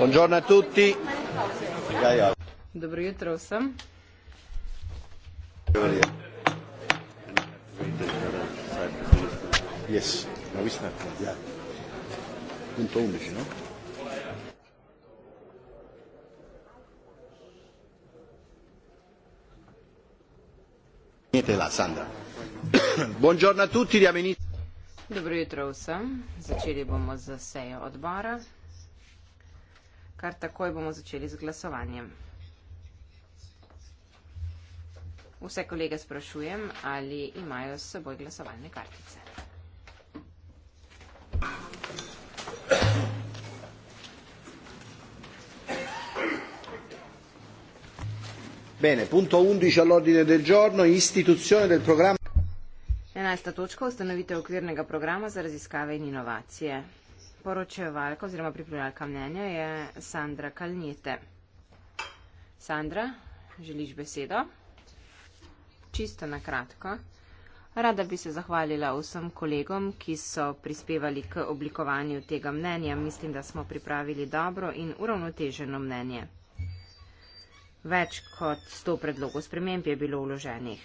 Buongiorno a tutti. Dobro jutro vsem. No? Dobro jutro vsem. Začeli bomo z sejo odbora kar takoj bomo začeli z glasovanjem. Vse kolege sprašujem, ali imajo s seboj glasovalne kartice. Bene, punto 11 all'ordine del giorno, istituzione del programma. 11. točka ustanovitev okvirnega programa za raziskave in inovacije poročevalka oziroma pripravljalka mnenja je Sandra Kalnjete. Sandra, želiš besedo? Čisto na kratko. Rada bi se zahvalila vsem kolegom, ki so prispevali k oblikovanju tega mnenja. Mislim, da smo pripravili dobro in uravnoteženo mnenje. Več kot sto predlogov sprememb je bilo vloženih.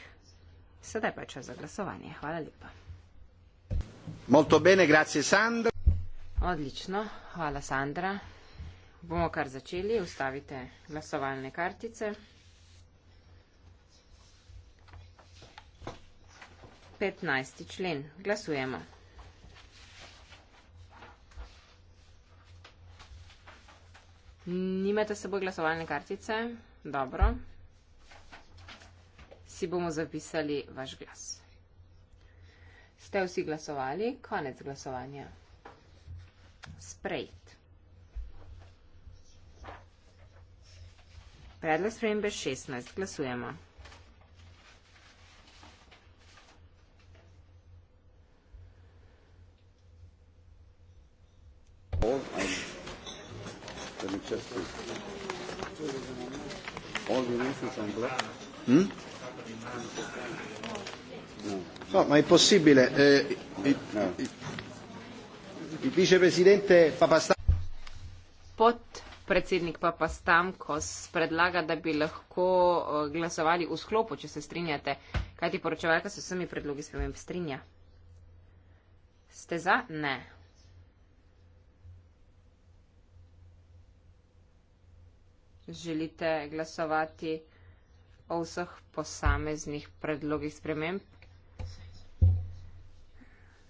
Sedaj pa čas za glasovanje. Hvala lepa. Molto bene, grazie Sandra. Odlično, hvala Sandra. Bomo kar začeli. Ustavite glasovalne kartice. Petnajsti člen. Glasujemo. Nimate s seboj glasovalne kartice? Dobro. Si bomo zapisali vaš glas. Ste vsi glasovali? Konec glasovanja sprejet. Predlog spremembe 16. Glasujemo. Hm? No, ma è possibile. Eh, eh, no podpredsednik papastamkos predlaga da bi lahko eh, glasovali v sklopu če se strinjate kajti poročevalka se vsemi predlogi sprememb strinja ste za ne želite glasovati o vseh posameznih predlogih sprememb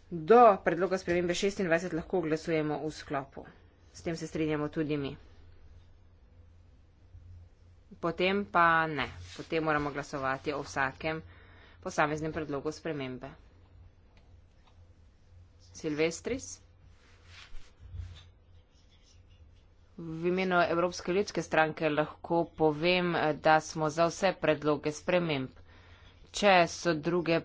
do predloga spremembe 26 lahko glasujemo v sklopu. S tem se strinjamo tudi mi. Potem pa ne. Potem moramo glasovati o vsakem posameznem predlogu spremembe. Silvestris. V imenu Evropske ljudske stranke lahko povem, da smo za vse predloge sprememb. Če so druge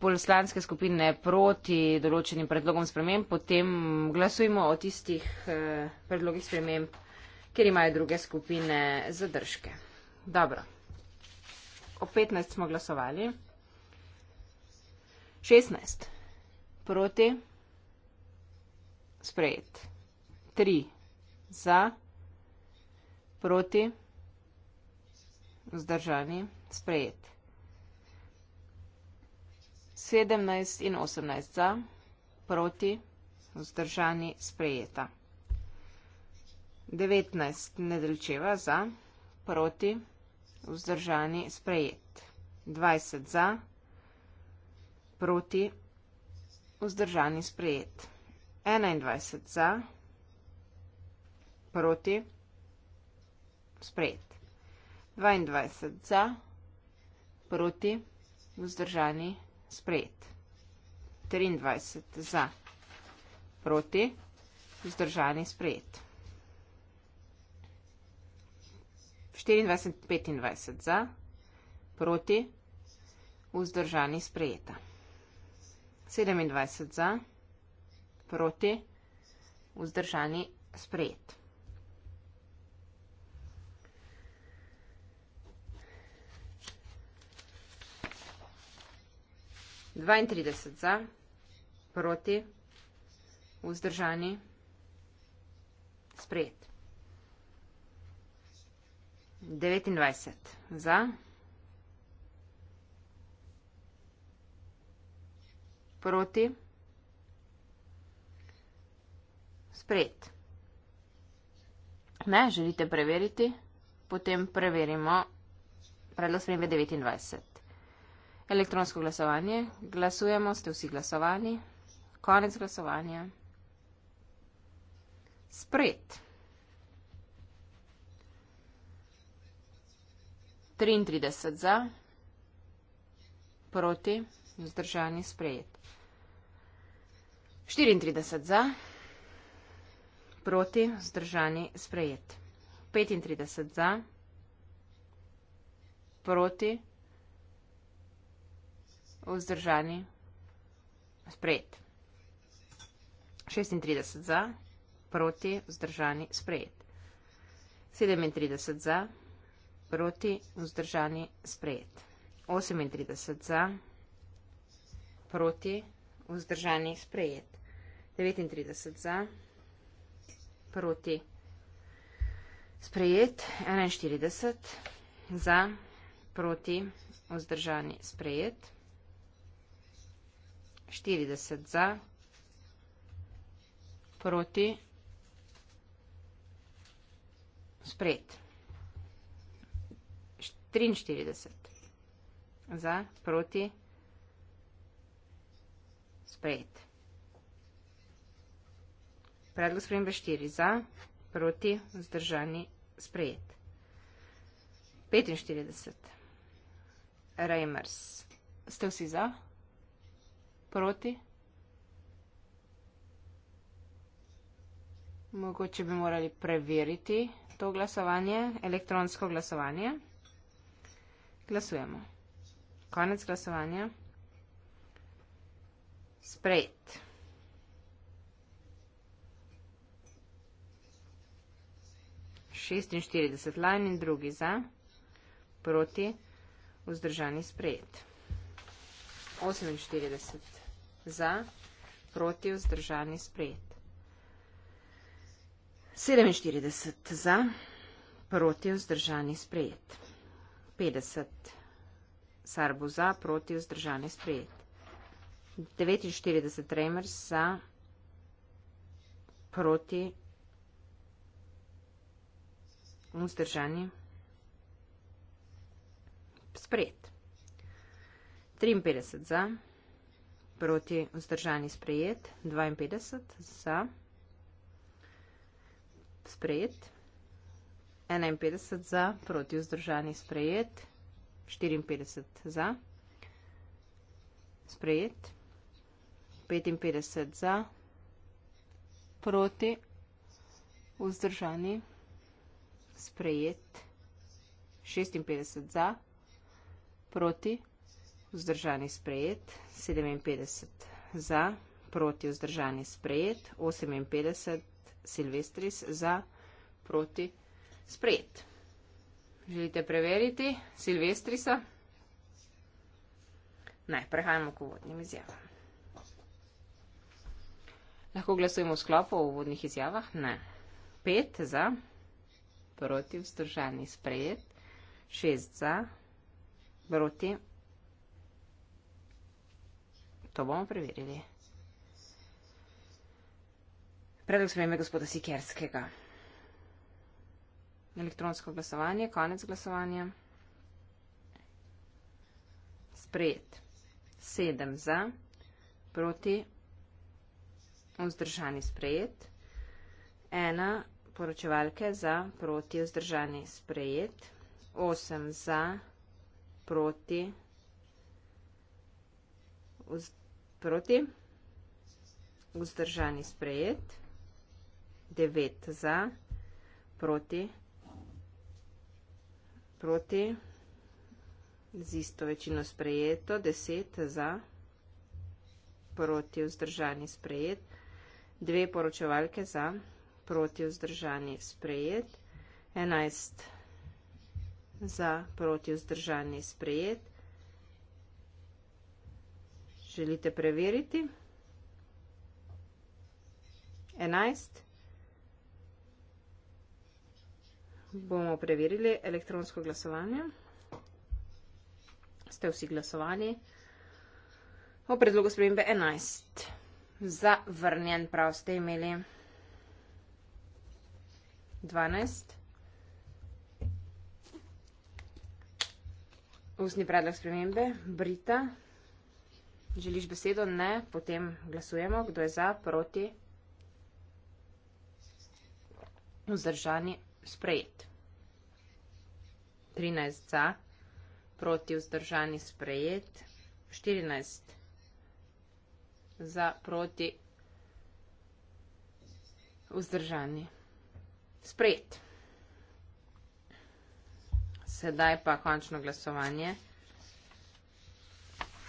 poslanske skupine proti določenim predlogom sprememb, potem glasujmo o tistih eh, predlogih sprememb, kjer imajo druge skupine zadržke. Dobro. O 15 smo glasovali. 16. Proti. Sprejet. 3. Za. Proti. Zdržani. Sprejet. 17 in 18 za, proti, vzdržani, sprejeta. 19 nedelčeva za, proti, vzdržani, sprejet. 20 za, proti, vzdržani, sprejet. 21 za, proti, sprejet. 22 za, proti, vzdržani, sprejet sprejet. 23 za, proti, vzdržani sprejet. 24, 25 za, proti, vzdržani sprejeta. 27 za, proti, vzdržani sprejeta. 32 za, proti, vzdržani, sprejet. 29 za, proti, sprejet. Ne, želite preveriti? Potem preverimo predlog spremembe 29. Elektronsko glasovanje. Glasujemo, ste vsi glasovani. Konec glasovanja. Spred. 33 za, proti, vzdržani sprejet. 34 za, proti, vzdržani sprejet. 35 za, proti, vzdržani sprejet vzdržani, sprejet. 36 za, proti, vzdržani, sprejet. 37 za, proti, vzdržani, sprejet. 38 za, proti, vzdržani, sprejet. 39 za, proti, sprejet. 41 za, proti, vzdržani, sprejet. 42 za, proti, vzdržani, sprejet štirideset za proti sprejet triinštirideset za proti sprejet predlog spremembe štiri za proti vzdržani sprejet petinštirideset Reimers ste vsi za Proti? Mogoče bi morali preveriti to glasovanje, elektronsko glasovanje. Glasujemo. Konec glasovanja. Sprejet. Šest in štirideset lajn in drugi za, proti, vzdržani sprejet. Osem in štirideset za, proti vzdržani sprejet. 47 za, proti vzdržani sprejet. 50 sarbu za, proti vzdržani sprejet. 49 remer za, proti vzdržani sprejet. 53 za, proti vzdržani sprejet proti vzdržani sprejet, 52 za sprejet, 51 za proti vzdržani sprejet, 54 za sprejet, 55 za proti vzdržani sprejet, 56 za proti vzdržani sprejet vzdržani sprejet, 57 za, proti vzdržani sprejet, 58 silvestris za, proti sprejet. Želite preveriti silvestrisa? Ne, prehajamo k uvodnim izjavam. Lahko glasujemo v sklopu o uvodnih izjavah? Ne. 5 za, proti vzdržani sprejet, 6 za, proti vzdržani sprejet. To bomo preverili. Predlog spremembe gospoda Sikerskega. Elektronsko glasovanje, konec glasovanja. Sprejet. Sedem za, proti, vzdržani sprejet. Ena poročevalke za, proti, vzdržani sprejet. Osem za, proti, vzdržani sprejet proti, vzdržani sprejet, 9 za, proti, proti, z isto večino sprejeto, 10 za, proti, vzdržani sprejet, dve poročevalke za, proti, vzdržani sprejet, 11 za, proti, vzdržani sprejet, želite preveriti. 11. Bomo preverili elektronsko glasovanje. Ste vsi glasovali o predlogu spremembe 11. Zavrnjen prav ste imeli. 12. Usni predlog spremembe. Brita. Želiš besedo? Ne. Potem glasujemo, kdo je za, proti. Vzdržani sprejet. 13 za, proti vzdržani sprejet. 14 za, proti vzdržani sprejet. Sedaj pa končno glasovanje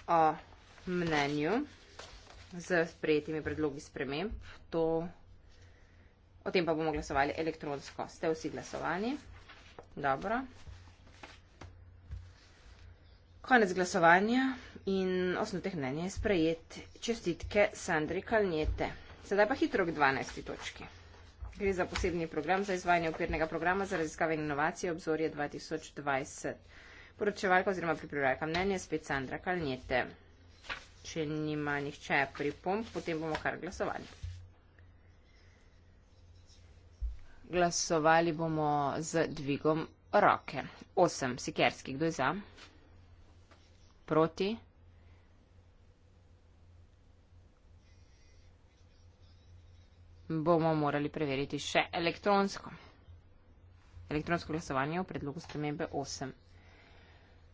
o mnenju z sprejetimi predlogi sprememb. To, o tem pa bomo glasovali elektronsko. Ste vsi glasovani? Dobro. Konec glasovanja in osnutek mnenja je sprejet. Čestitke Sandri Kalnjete. Sedaj pa hitro k 12. točki. Gre za posebni program za izvajanje okvirnega programa za raziskave in inovacije obzorje 2020. Poročevalka oziroma pripravljalka mnenja je spet Sandra Kalnjete. Če nima nihče pripomb, potem bomo kar glasovali. Glasovali bomo z dvigom roke. Osem, sikerski, kdo je za? Proti? Bomo morali preveriti še elektronsko. Elektronsko glasovanje v predlogu spremembe 8.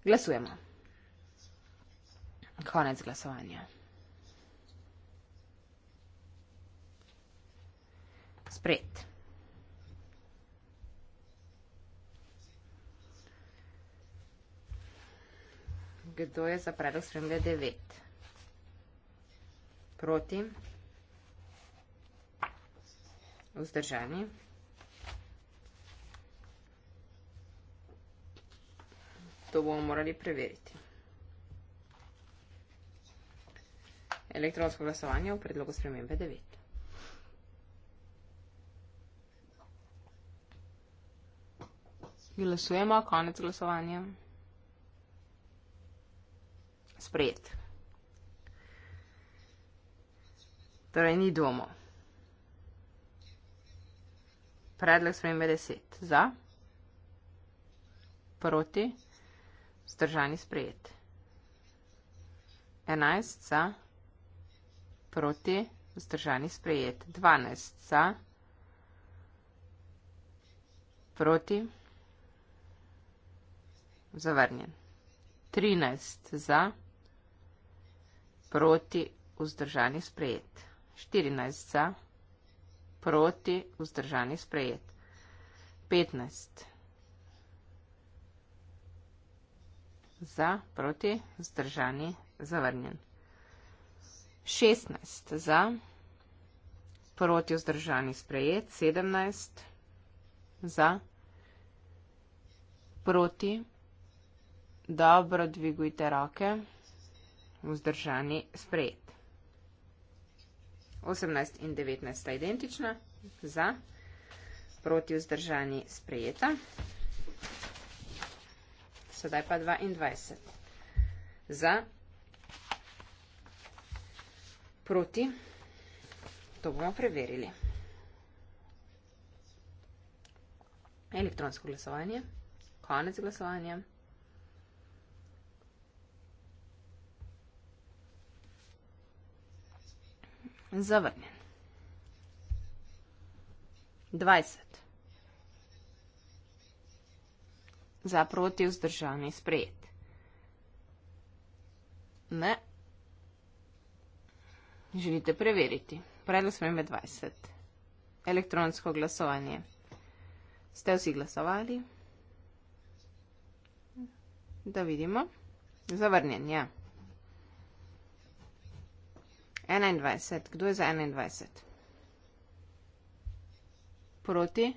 Glasujemo. Konec glasovanja. Spred. Kdo je za predlog spremlja devet? Proti. Vzdržani. To bomo morali preveriti. elektronsko glasovanje v predlogu spremembe 9. Glasujemo, konec glasovanja. Sprejet. Torej, ni domo. Predlog spremembe 10. Za. Proti. Zdržani sprejet. 11. Za proti, vzdržani sprejet, 12 za, proti, zavrnjen, 13 za, proti, vzdržani sprejet, 14 za, proti, vzdržani sprejet, 15 za, proti, vzdržani sprejet. Zavrnjen. 16 za, proti vzdržani sprejet, 17 za, proti, dobro dvigujte roke, vzdržani sprejet. 18 in 19 sta identična, za, proti vzdržani sprejeta. Sedaj pa 22. Za, proti. To bomo preverili. Elektronsko glasovanje. Konec glasovanja. Zavrnjen. 20. Za proti vzdržanje sprejet. Ne. Želite preveriti? Predlog spremembe 20. Elektronsko glasovanje. Ste vsi glasovali? Da vidimo. Zavrnjen, ja. 21. Kdo je za 21? Proti?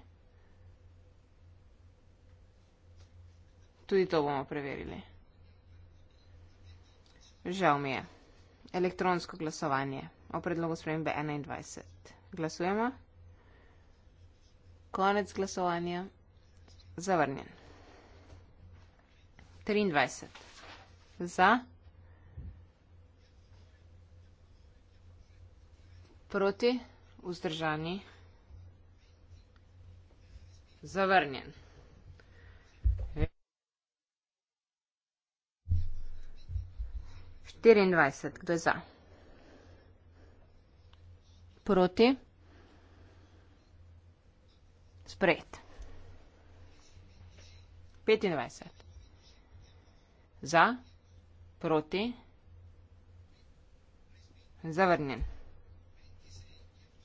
Tudi to bomo preverili. Žal mi je elektronsko glasovanje o predlogu spremembe 21. Glasujemo. Konec glasovanja. Zavrnjen. 23. Za. Proti. Vzdržani. Zavrnjen. 24, kdo je za? Proti. Sprejet. 25. Za, proti, zavrnjen.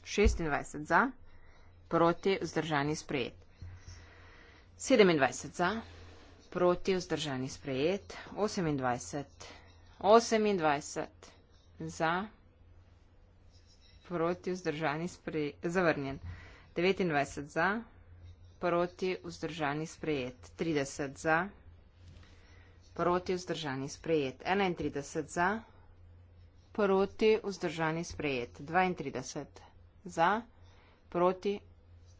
26 za, proti, vzdržani, sprejet. 27 za, proti, vzdržani, sprejet. 28 za osemindvajset za proti vzdržani sprejet zavrnjen devetindvajset za proti vzdržani sprejet trideset za proti vzdržani sprejet enaintrideset za proti vzdržani sprejet dvaintrideset za proti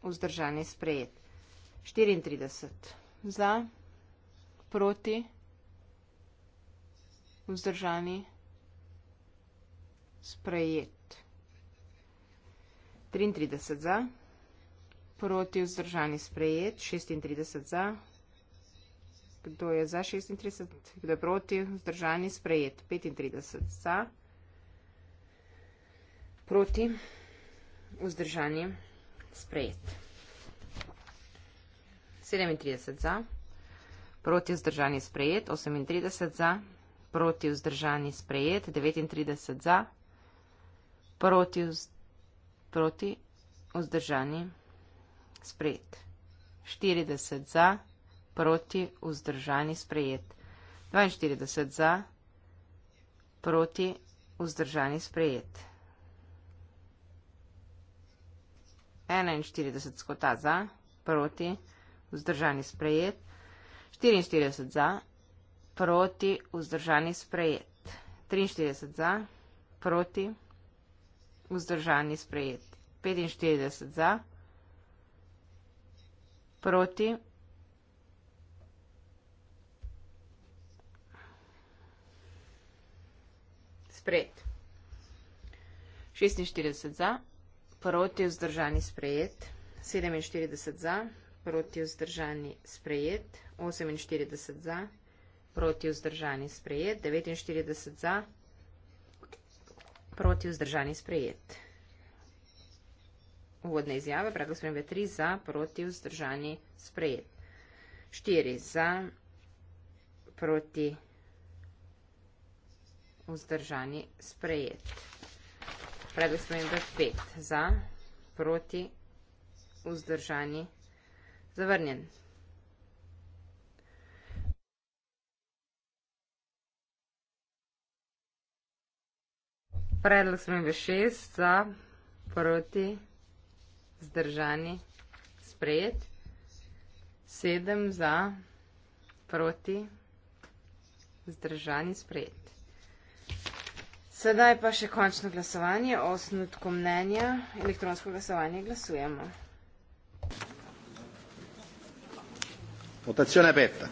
vzdržani sprejet štiriintrideset za proti vzdržani, sprejet. 33 za, proti vzdržani, sprejet, 36 za, kdo je za 36, kdo je proti vzdržani, sprejet, 35 za, proti vzdržani, sprejet. 37 za, proti vzdržani, sprejet, 38 za, proti vzdržani sprejet, 39 za, proti, vz, proti vzdržani sprejet, 40 za, proti vzdržani sprejet, 42 za, proti vzdržani sprejet. 41 skota za, proti, vzdržani sprejet, 44 za, proti, vzdržani sprejet. 43 za, proti, vzdržani sprejet. 45 za, proti. Sprejet. 46 za, proti vzdržani sprejet, 47 za, proti vzdržani sprejet, 48 za, proti vzdržani sprejet proti vzdržani sprejet, 49 za, proti vzdržani sprejet. Uvodne izjave, predlog spremembe 3 za, proti vzdržani sprejet. 4 za, proti vzdržani sprejet. Predlog spremembe 5 za, proti vzdržani sprejet. Zavrnjen. Predlog smo imeli šest za, proti, zdržani, sprejet. Sedem za, proti, zdržani, sprejet. Sedaj pa še končno glasovanje o osnutku mnenja. Elektronsko glasovanje glasujemo. Votacija je peta.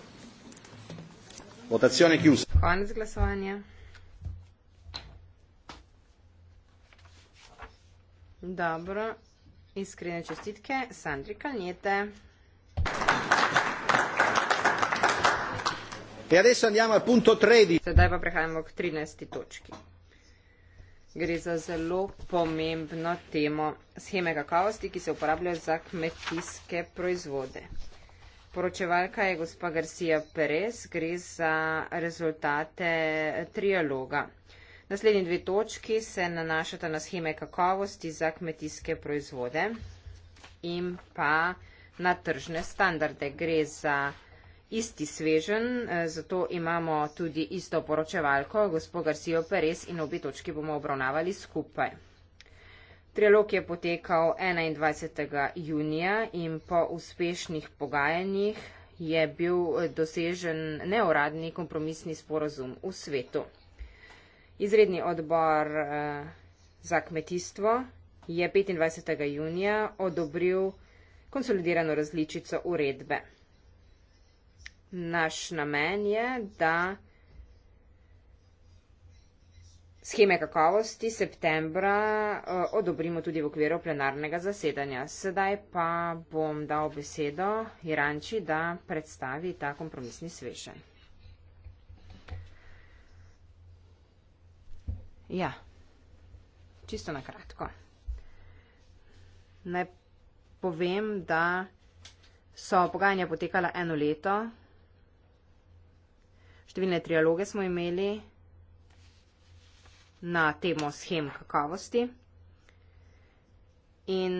Votacija je kjusa. Konec glasovanja. Dobro, iskrene čestitke, Sandri Kalnjete. E adesso andiamo al punto 13. Sedaj pa prehajamo k 13. točki. Gre za zelo pomembno temo scheme kakovosti, ki se uporablja za kmetijske proizvode. Poročevalka je gospa Garcia Perez, gre za rezultate trialoga. Naslednji dve točki se nanašata na scheme kakovosti za kmetijske proizvode in pa na tržne standarde. Gre za isti svežen, e, zato imamo tudi isto poročevalko, gospod Garcijo Perez in obi točki bomo obravnavali skupaj. Trialog je potekal 21. junija in po uspešnih pogajanjih je bil dosežen neuradni kompromisni sporozum v svetu. Izredni odbor eh, za kmetijstvo je 25. junija odobril konsolidirano različico uredbe. Naš namen je, da Scheme kakovosti septembra eh, odobrimo tudi v okviru plenarnega zasedanja. Sedaj pa bom dal besedo Iranči, da predstavi ta kompromisni svešanj. Ja, čisto na kratko. Naj povem, da so pogajanja potekala eno leto, številne trialoge smo imeli na temo schem kakavosti in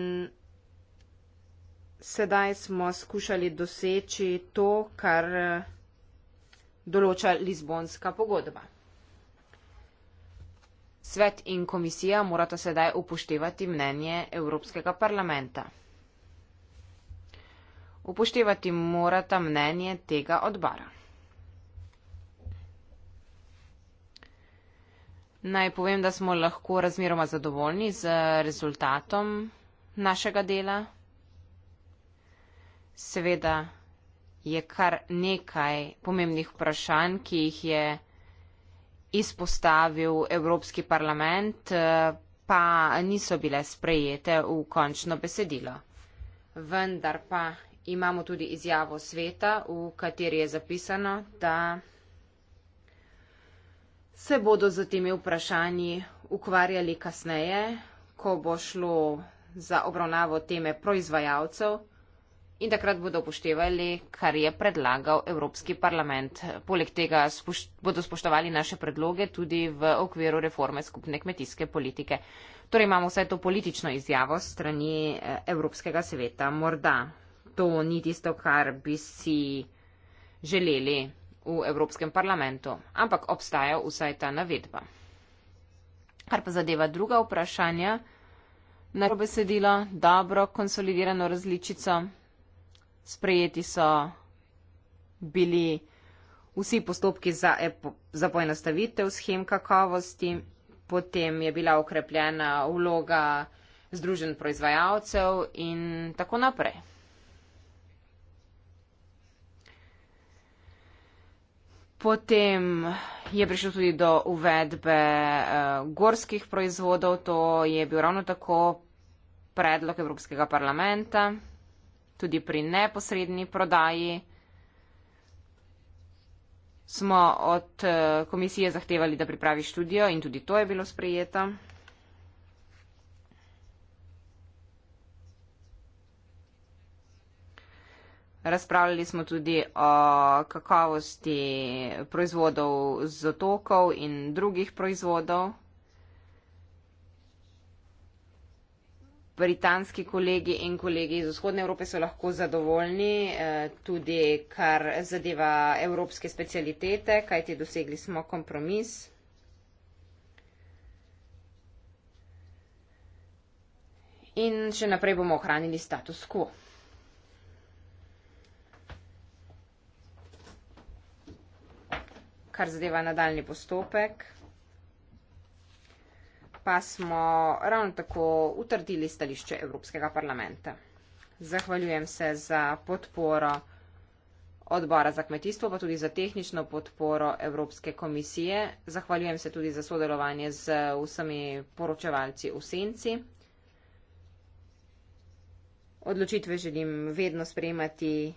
sedaj smo skušali doseči to, kar eh, določa Lizbonska pogodba. Svet in komisija morata sedaj upoštevati mnenje Evropskega parlamenta. Upoštevati morata mnenje tega odbara. Naj povem, da smo lahko razmeroma zadovoljni z rezultatom našega dela. Seveda je kar nekaj pomembnih vprašanj, ki jih je izpostavil Evropski parlament, eh, pa niso bile sprejete v končno besedilo. Vendar pa imamo tudi izjavo sveta, v kateri je zapisano, da se bodo z temi vprašanji ukvarjali kasneje, ko bo šlo za obravnavo teme proizvajalcev in takrat bodo upoštevali, kar je predlagal Evropski parlament. Poleg tega spoš bodo spoštovali naše predloge tudi v okviru reforme skupne kmetijske politike. Torej imamo vse to politično izjavo strani eh, Evropskega sveta. Morda to ni tisto, kar bi si želeli v Evropskem parlamentu, ampak obstaja vsaj ta navedba. Kar pa zadeva druga vprašanja, naro besedilo, dobro konsolidirano različico sprejeti so bili vsi postopki za, za poenostavitev schem kakovosti, potem je bila okrepljena vloga združen proizvajalcev in tako naprej. Potem je prišlo tudi do uvedbe uh, gorskih proizvodov, to je bil ravno tako predlog Evropskega parlamenta, tudi pri neposredni prodaji smo od eh, komisije zahtevali, da pripravi študijo in tudi to je bilo sprejeto. Razpravljali smo tudi o kakovosti proizvodov z otokov in drugih proizvodov. Britanski kolegi in kolegi iz vzhodne Evrope so lahko zadovoljni eh, tudi, kar zadeva evropske specialitete, kajti dosegli smo kompromis. In še naprej bomo ohranili status quo. Kar zadeva nadaljni postopek pa smo ravno tako utrdili stališče Evropskega parlamenta. Zahvaljujem se za podporo odbora za kmetijstvo, pa tudi za tehnično podporo Evropske komisije. Zahvaljujem se tudi za sodelovanje z vsemi poročevalci v senci. Odločitve želim vedno spremati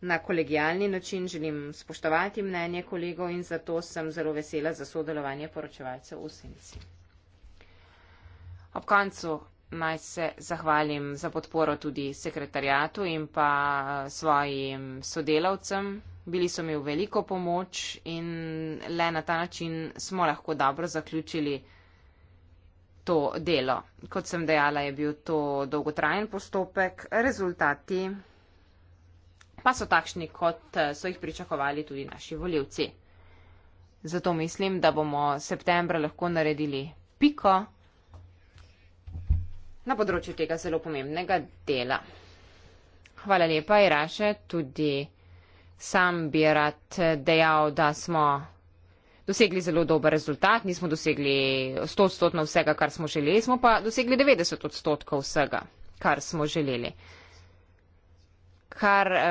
na kolegijalni način želim spoštovati mnenje kolegov in zato sem zelo vesela za sodelovanje poročevalcev v senci. Ob koncu naj se zahvalim za podporo tudi sekretarjatu in pa eh, svojim sodelavcem. Bili so mi v veliko pomoč in le na ta način smo lahko dobro zaključili to delo. Kot sem dejala, je bil to dolgotrajen postopek, rezultati pa so takšni, kot eh, so jih pričakovali tudi naši voljivci. Zato mislim, da bomo septembra lahko naredili piko na področju tega zelo pomembnega dela. Hvala lepa, Iraše, tudi sam bi rad eh, dejal, da smo dosegli zelo dober rezultat, nismo dosegli 100 odstotkov vsega, kar smo želeli, smo pa dosegli 90 odstotkov vsega, kar smo želeli kar eh,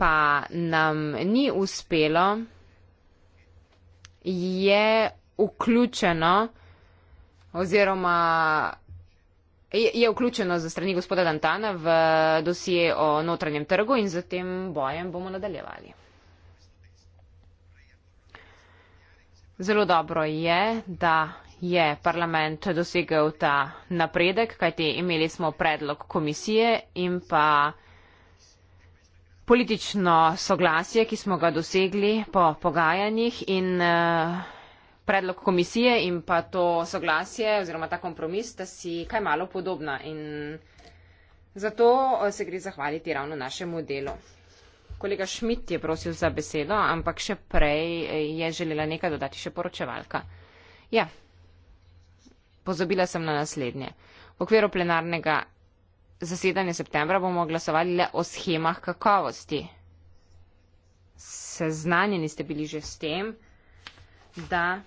pa nam ni uspelo, je vključeno oziroma je vključeno za strani gospoda Dantana v dosije o notranjem trgu in zatem bojem bomo nadaljevali. Zelo dobro je, da je parlament dosegel ta napredek, kajti imeli smo predlog komisije in pa politično soglasje, ki smo ga dosegli po pogajanjih in eh, predlog komisije in pa to soglasje oziroma ta kompromis, da si kaj malo podobna in zato eh, se gre zahvaliti ravno našemu delu. Kolega Šmit je prosil za besedo, ampak še prej eh, je želela nekaj dodati še poročevalka. Ja, pozabila sem na naslednje. V okviru plenarnega zasedanje septembra bomo glasovali le o schemah kakovosti. Seznanjeni ste bili že s tem, da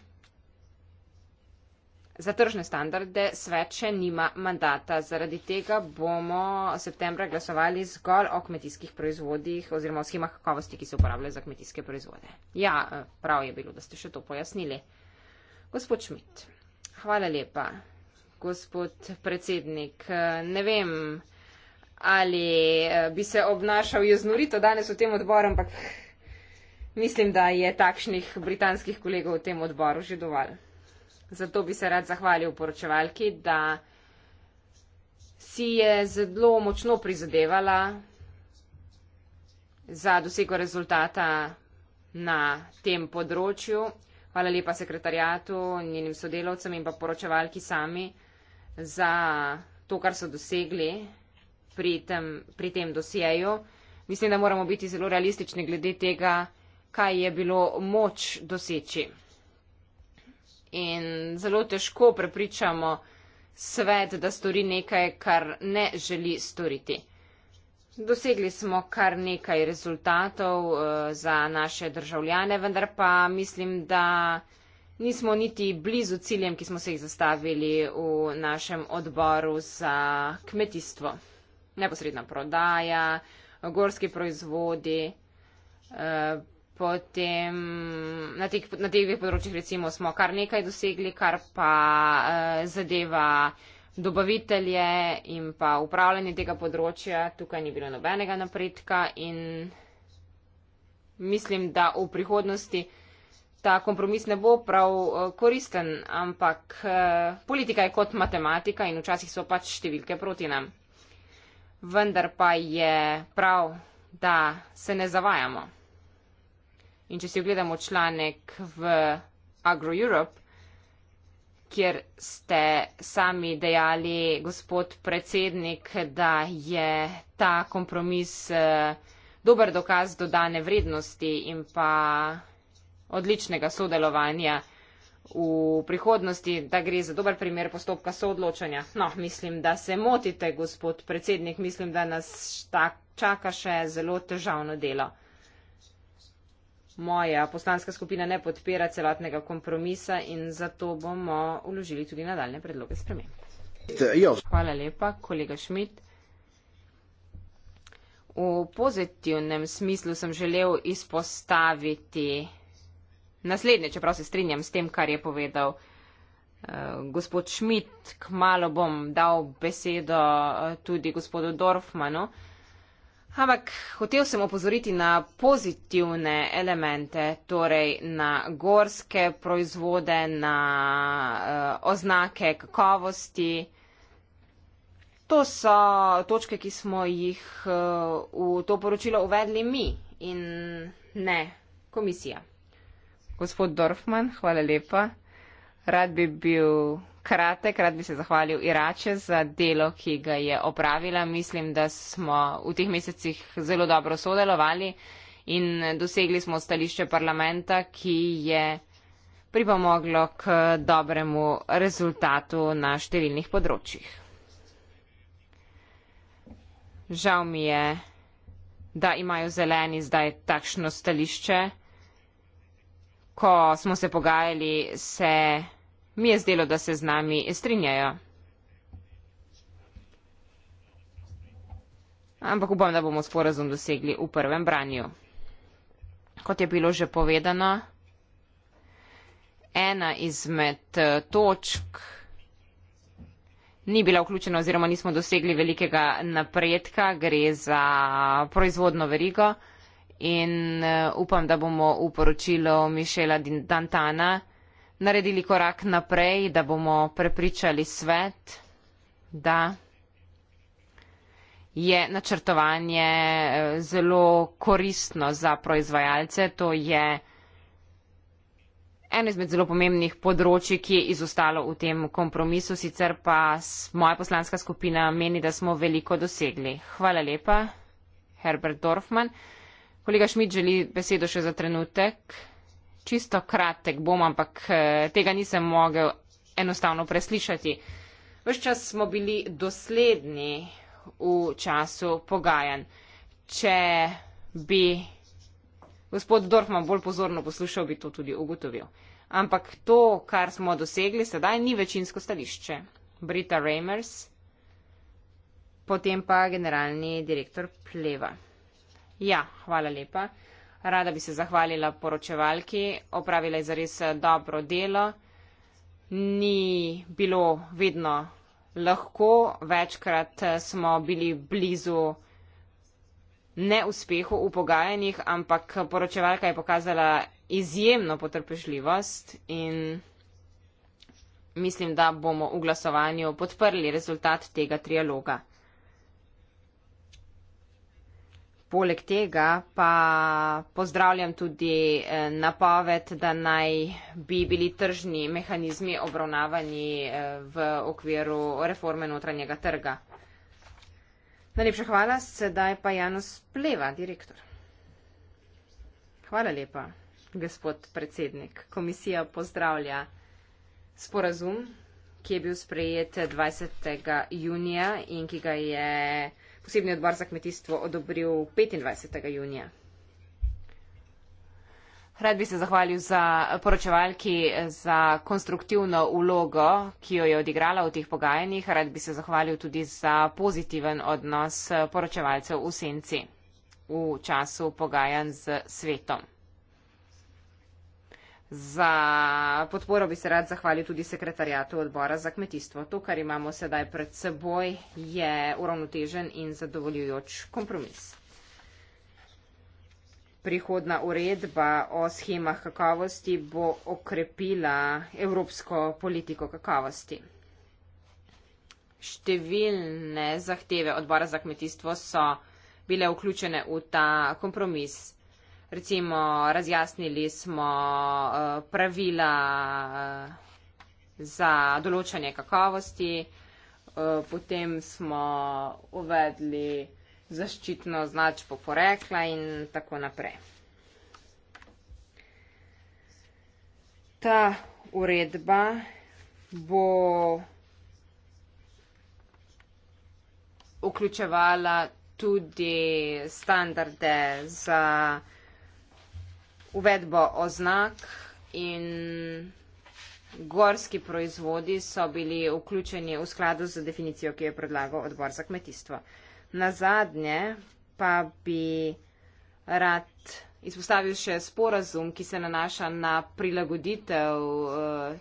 za tržne standarde svet še nima mandata. Zaradi tega bomo septembra glasovali zgolj o kmetijskih proizvodih oziroma o schemah kakovosti, ki se uporabljajo za kmetijske proizvode. Ja, eh, prav je bilo, da ste še to pojasnili. Gospod Šmit, hvala lepa gospod predsednik. Ne vem, ali eh, bi se obnašal jeznurito danes v tem odboru, ampak mislim, da je takšnih britanskih kolegov v tem odboru že dovolj. Zato bi se rad zahvalil poročevalki, da si je zelo močno prizadevala za dosego rezultata na tem področju. Hvala lepa sekretarjatu, njenim sodelovcem in pa poročevalki sami za to, kar so dosegli pri tem, pri tem dosjeju. Mislim, da moramo biti zelo realistični glede tega, kaj je bilo moč doseči. In zelo težko prepričamo svet, da stori nekaj, kar ne želi storiti. Dosegli smo kar nekaj rezultatov uh, za naše državljane, vendar pa mislim, da nismo niti blizu ciljem, ki smo se jih zastavili v našem odboru za kmetijstvo. Neposredna prodaja, gorski proizvodi, eh, potem na teh, na teh dveh področjih recimo smo kar nekaj dosegli, kar pa eh, zadeva dobavitelje in pa upravljanje tega področja, tukaj ni bilo nobenega napredka in mislim, da v prihodnosti ta kompromis ne bo prav eh, koristen, ampak eh, politika je kot matematika in včasih so pač številke proti nam. Vendar pa je prav, da se ne zavajamo. In če si ogledamo članek v AgroEurope, kjer ste sami dejali, gospod predsednik, da je ta kompromis eh, dober dokaz dodane vrednosti in pa odličnega sodelovanja v prihodnosti, da gre za dober primer postopka soodločanja. No, mislim, da se motite, gospod predsednik, mislim, da nas čaka še zelo težavno delo. Moja poslanska skupina ne podpira celotnega kompromisa in zato bomo uložili tudi nadaljne predloge sprememb. Hvala lepa, kolega Šmit. V pozitivnem smislu sem želel izpostaviti Naslednje, čeprav se strinjam s tem, kar je povedal uh, gospod Šmit, kmalo bom dal besedo uh, tudi gospodu Dorfmanu. Ampak hotel sem opozoriti na pozitivne elemente, torej na gorske proizvode, na uh, oznake kakovosti. To so točke, ki smo jih uh, v to poročilo uvedli mi in ne komisija. Gospod Dorfman, hvala lepa. Rad bi bil kratek, rad bi se zahvalil Irače za delo, ki ga je opravila. Mislim, da smo v teh mesecih zelo dobro sodelovali in dosegli smo stališče parlamenta, ki je pripomoglo k dobremu rezultatu na številnih področjih. Žal mi je, da imajo zeleni zdaj takšno stališče ko smo se pogajali, se mi je zdelo, da se z nami strinjajo. Ampak upam, da bomo sporazum dosegli v prvem branju. Kot je bilo že povedano, ena izmed eh, točk ni bila vključena oziroma nismo dosegli velikega napredka, gre za proizvodno verigo in eh, upam, da bomo v poročilo Mišela Dantana naredili korak naprej, da bomo prepričali svet, da je načrtovanje eh, zelo koristno za proizvajalce. To je eno izmed zelo pomembnih področji, ki je izostalo v tem kompromisu, sicer pa moja poslanska skupina meni, da smo veliko dosegli. Hvala lepa, Herbert Dorfman. Kolega Šmit želi besedo še za trenutek. Čisto kratek bom, ampak eh, tega nisem mogel enostavno preslišati. Ves čas smo bili dosledni v času pogajanj. Če bi gospod Dorfman bolj pozorno poslušal, bi to tudi ugotovil. Ampak to, kar smo dosegli sedaj, ni večinsko stališče. Brita Reimers, potem pa generalni direktor Pleva. Ja, hvala lepa. Rada bi se zahvalila poročevalki, opravila je zares eh, dobro delo. Ni bilo vedno lahko, večkrat eh, smo bili blizu neuspehu v pogajanjih, ampak poročevalka je pokazala izjemno potrpežljivost in mislim, da bomo v glasovanju podprli rezultat tega trialoga. Poleg tega pa pozdravljam tudi eh, napoved, da naj bi bili tržni mehanizmi obravnavani eh, v okviru reforme notranjega trga. Najlepša hvala, sedaj pa Janus Pleva, direktor. Hvala lepa, gospod predsednik. Komisija pozdravlja sporazum, ki je bil sprejet 20. junija in ki ga je posebni odbor za kmetijstvo odobril 25. junija. Rad bi se zahvalil za poročevalki za konstruktivno ulogo, ki jo je odigrala v teh pogajanjih. Rad bi se zahvalil tudi za pozitiven odnos poročevalcev v senci v času pogajanj z svetom. Za podporo bi se rad zahvalil tudi sekretarjatu odbora za kmetijstvo. To, kar imamo sedaj pred seboj, je uravnotežen in zadovoljujoč kompromis. Prihodna uredba o schemah kakovosti bo okrepila evropsko politiko kakovosti. Številne zahteve odbora za kmetijstvo so bile vključene v ta kompromis recimo razjasnili smo eh, pravila eh, za določanje kakovosti, eh, potem smo uvedli zaščitno značko porekla in tako naprej. Ta uredba bo vključevala tudi standarde za uvedbo oznak in gorski proizvodi so bili vključeni v skladu z definicijo, ki je predlagal odbor za kmetijstvo. Na zadnje pa bi rad izpostavil še sporazum, ki se nanaša na prilagoditev eh,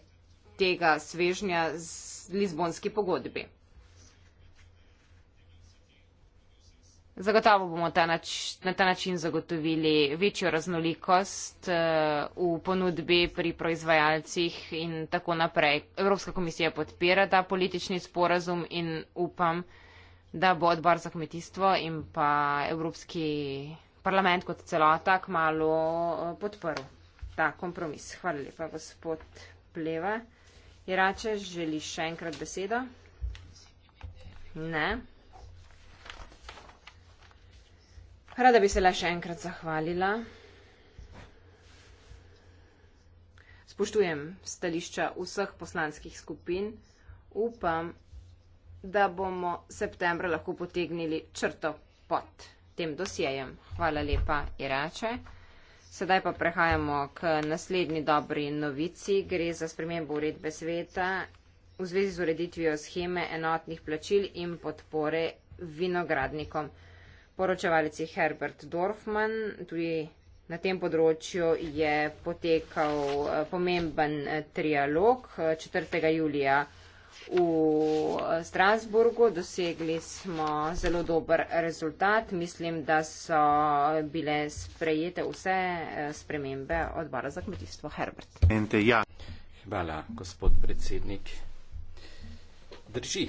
tega svežnja z Lizbonski pogodbi. Zagotovo bomo ta nač, na ta način zagotovili večjo raznolikost eh, v ponudbi pri proizvajalcih in tako naprej. Evropska komisija podpira ta politični sporazum in upam, da bo odbor za kmetijstvo in pa Evropski parlament kot celota kmalo eh, podprl ta kompromis. Hvala lepa, gospod Pleva. Irače, želiš še enkrat besedo? Ne. Rada bi se le še enkrat zahvalila. Spoštujem stališča vseh poslanskih skupin. Upam, da bomo septembra lahko potegnili črto pod tem dosjejem. Hvala lepa, Irače. Sedaj pa prehajamo k naslednji dobri novici. Gre za spremembo uredbe sveta v zvezi z ureditvijo scheme enotnih plačil in podpore vinogradnikom poročevalec je Herbert Dorfman, tudi na tem področju je potekal eh, pomemben eh, trialog 4. Eh, julija v Strasburgu. Dosegli smo zelo dober rezultat. Mislim, da so bile sprejete vse spremembe odbora za kmetijstvo Herbert. Ja. Hvala, gospod predsednik. Drži.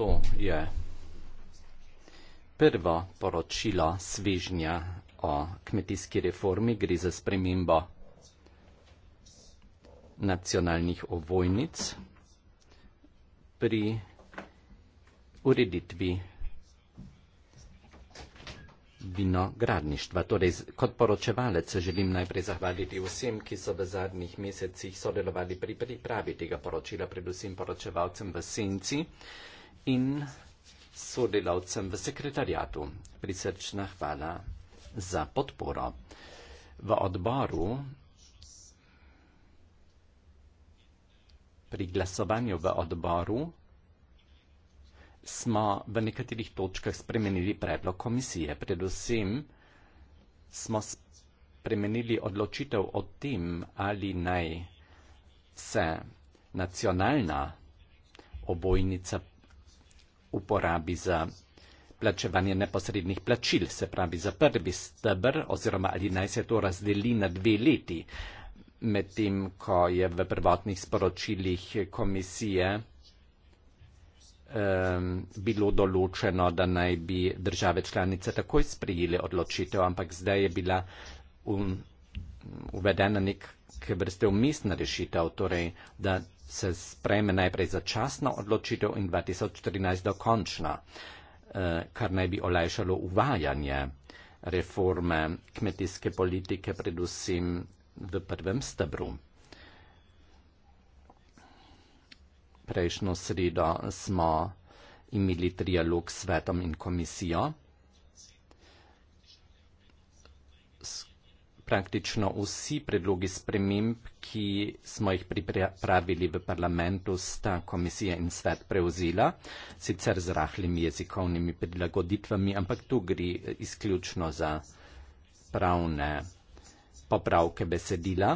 To je prva poročila svežnja o kmetijski reformi. Gre za spremembo nacionalnih ovojnic pri ureditvi vinogradništva. Torej, kot poročevalec se želim najprej zahvaliti vsem, ki so v zadnjih mesecih sodelovali pri pripravi tega poročila, predvsem poročevalcem v senci in sodelavcem v sekretarjatu. Prisrčna hvala za podporo. V odboru pri glasovanju v odboru smo v nekaterih točkah spremenili predlog komisije. Predvsem smo spremenili odločitev o tem, ali naj se nacionalna obojnica uporabi za plačevanje neposrednih plačil, se pravi za prvi stebr oziroma ali naj se to razdeli na dve leti, medtem ko je v prvotnih sporočilih komisije um, bilo določeno, da naj bi države članice takoj sprejeli odločitev, ampak zdaj je bila um, uvedena nek vrste umestna rešitev, torej da se spreme najprej začasno odločitev in 2014 dokončno, eh, kar naj bi olajšalo uvajanje reforme kmetijske politike, predvsem v prvem stebru. Prejšnjo sredo smo imeli trialog s svetom in komisijo. praktično vsi predlogi sprememb, ki smo jih pripravili v parlamentu, sta komisija in svet prevzela, sicer z rahlimi jezikovnimi prilagoditvami, ampak tu gre eh, izključno za pravne popravke besedila.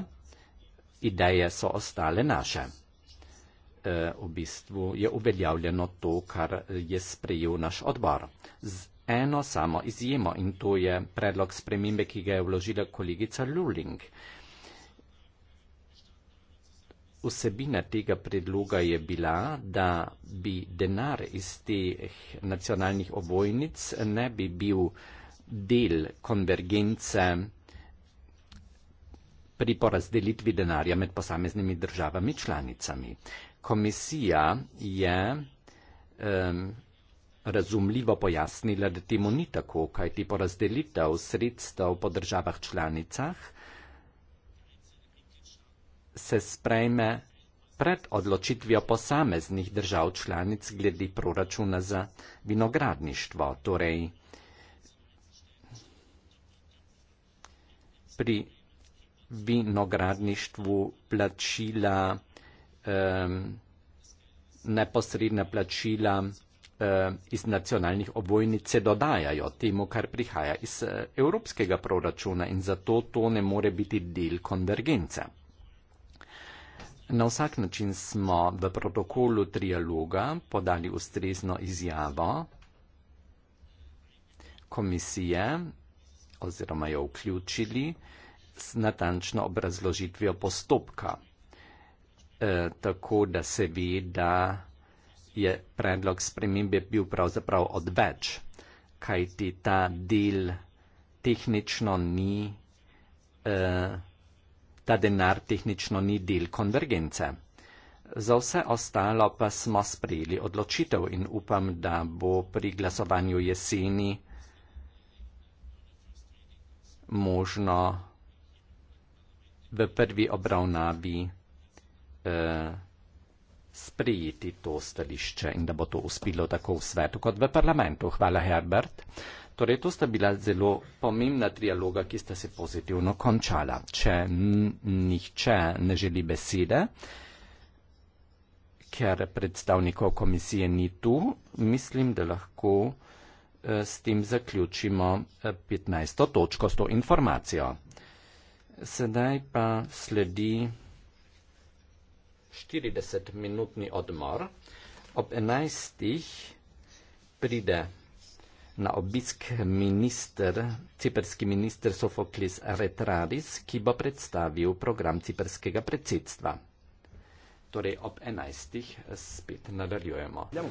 Ideje so ostale naše. E, v bistvu je uveljavljeno to, kar je sprejel naš odbor. Z, eno samo izjemo in to je predlog spremembe, ki ga je vložila kolegica Luling. Vsebina tega predloga je bila, da bi denar iz teh nacionalnih obojnic ne bi bil del konvergence pri porazdelitvi denarja med posameznimi državami članicami. Komisija je um, Razumljivo pojasnila, da temu ni tako, kajti porazdelitev sredstev po državah članicah se sprejme pred odločitvijo posameznih držav članic glede proračuna za vinogradništvo. Torej, pri vinogradništvu plačila, um, neposredna plačila, Eh, iz nacionalnih obvojnice dodajajo temu, kar prihaja iz eh, evropskega proračuna in zato to ne more biti del konvergence. Na vsak način smo v protokolu trialoga podali ustrezno izjavo komisije oziroma jo vključili s natančno obrazložitvijo postopka. E, tako da seveda je predlog spremembe bil pravzaprav odveč, kaj ti ta del tehnično ni, eh, ta denar tehnično ni del konvergence. Za vse ostalo pa smo sprejeli odločitev in upam, da bo pri glasovanju jeseni možno v prvi obravnavi eh, sprejeti to stališče in da bo to uspelo tako v svetu kot v parlamentu. Hvala, Herbert. Torej, to sta bila zelo pomembna trialoga, ki sta se pozitivno končala. Če nihče ne želi besede, ker predstavnikov komisije ni tu, mislim, da lahko eh, s tem zaključimo 15. Eh, točko s to informacijo. Sedaj pa sledi. 40-minutni odmor. Ob 11. pride na obisk minister, ciperski minister Sofoklis Retraris, ki bo predstavil program ciperskega predsedstva. Torej ob 11. spet nadaljujemo. Ljamo,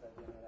Hvala.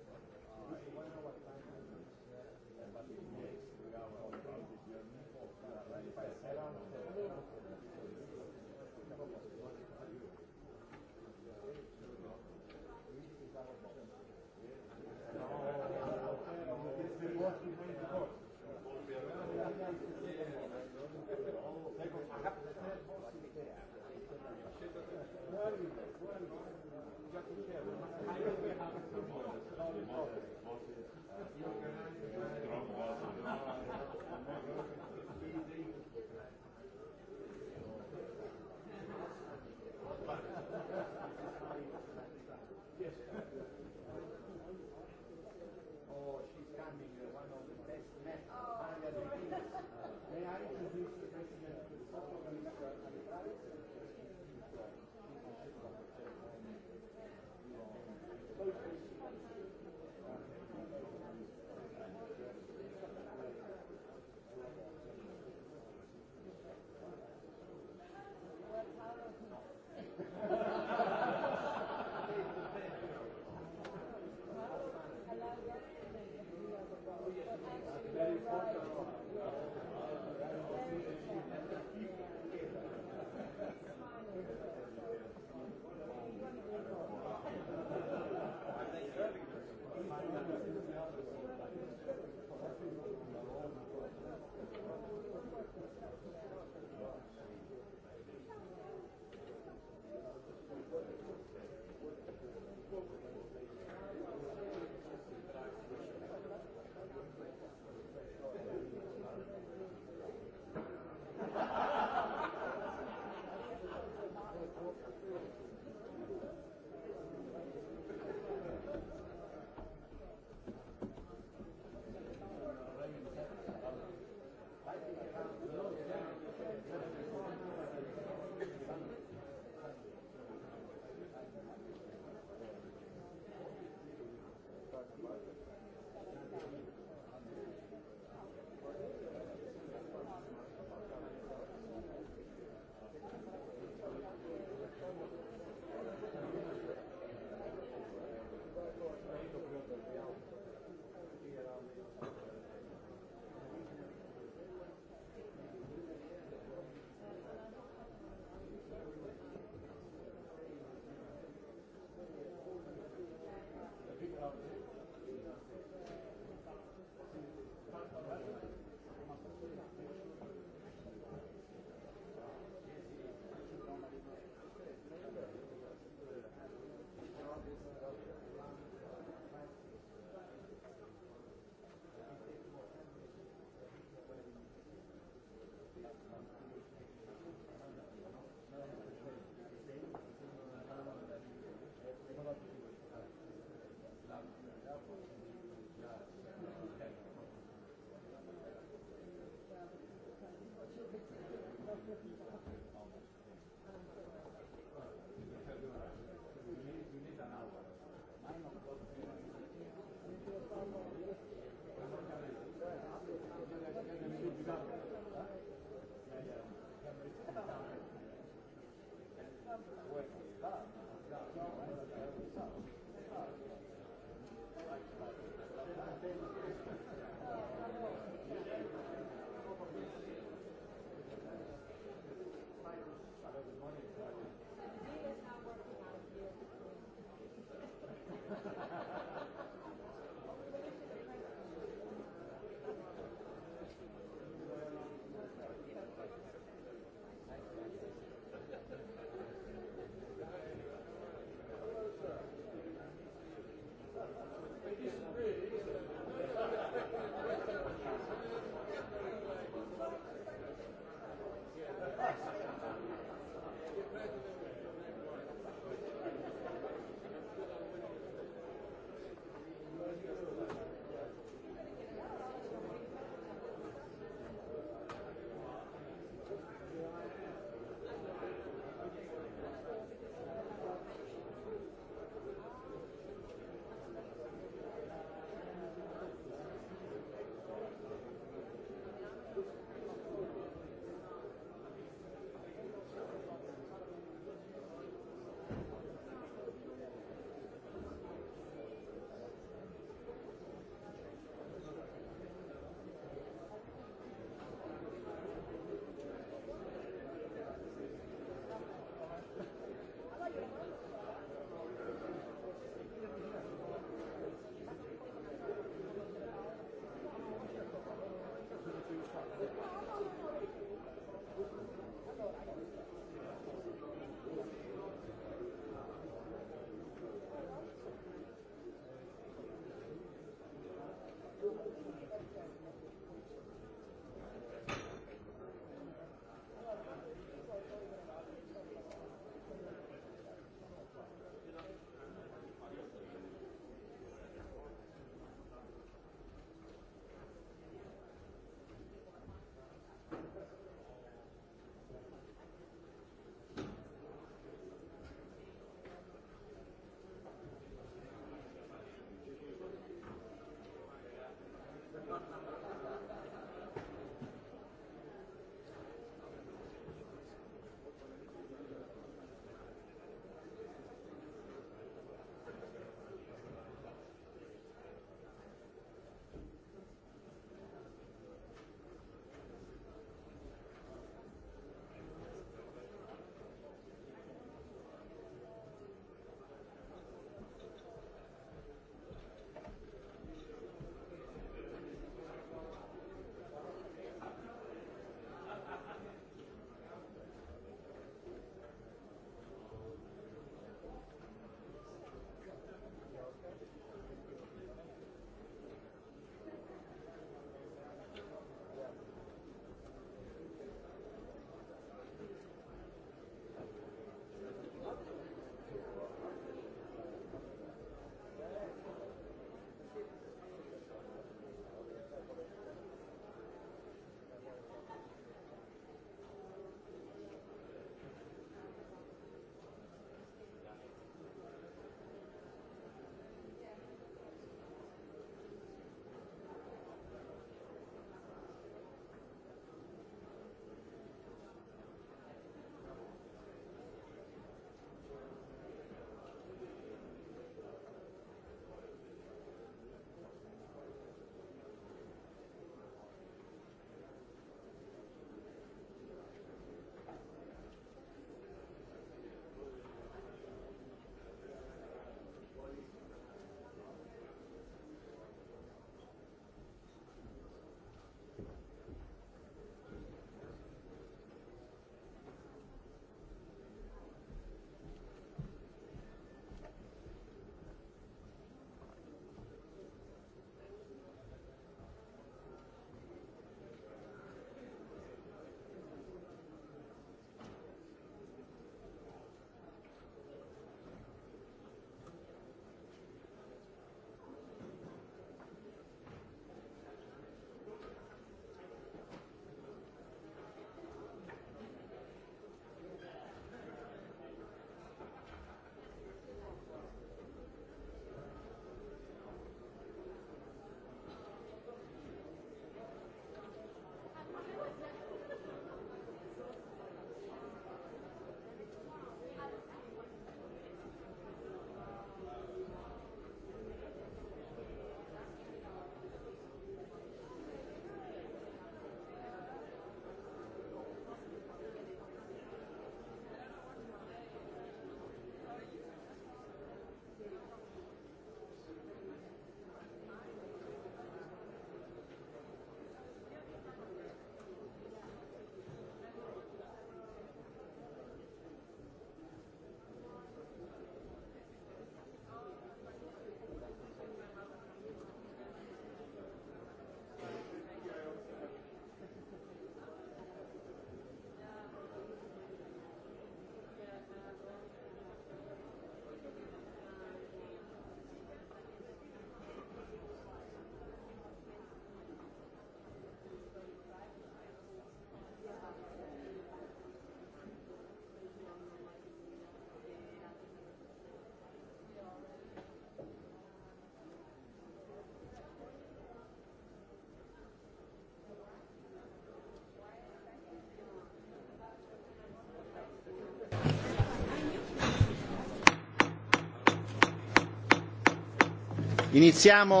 Iniziamo.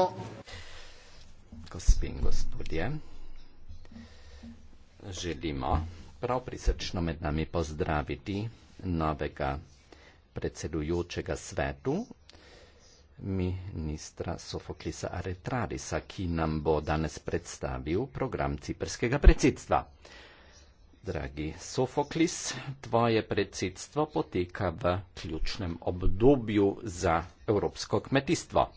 Gospin, gospodje, želimo prav prisrčno med nami pozdraviti novega predsedujočega svetu, ministra Sofoklisa Aretradisa, ki nam bo danes predstavil program ciperskega predsedstva. Dragi Sofoklis, tvoje predsedstvo poteka v ključnem obdobju za evropsko kmetijstvo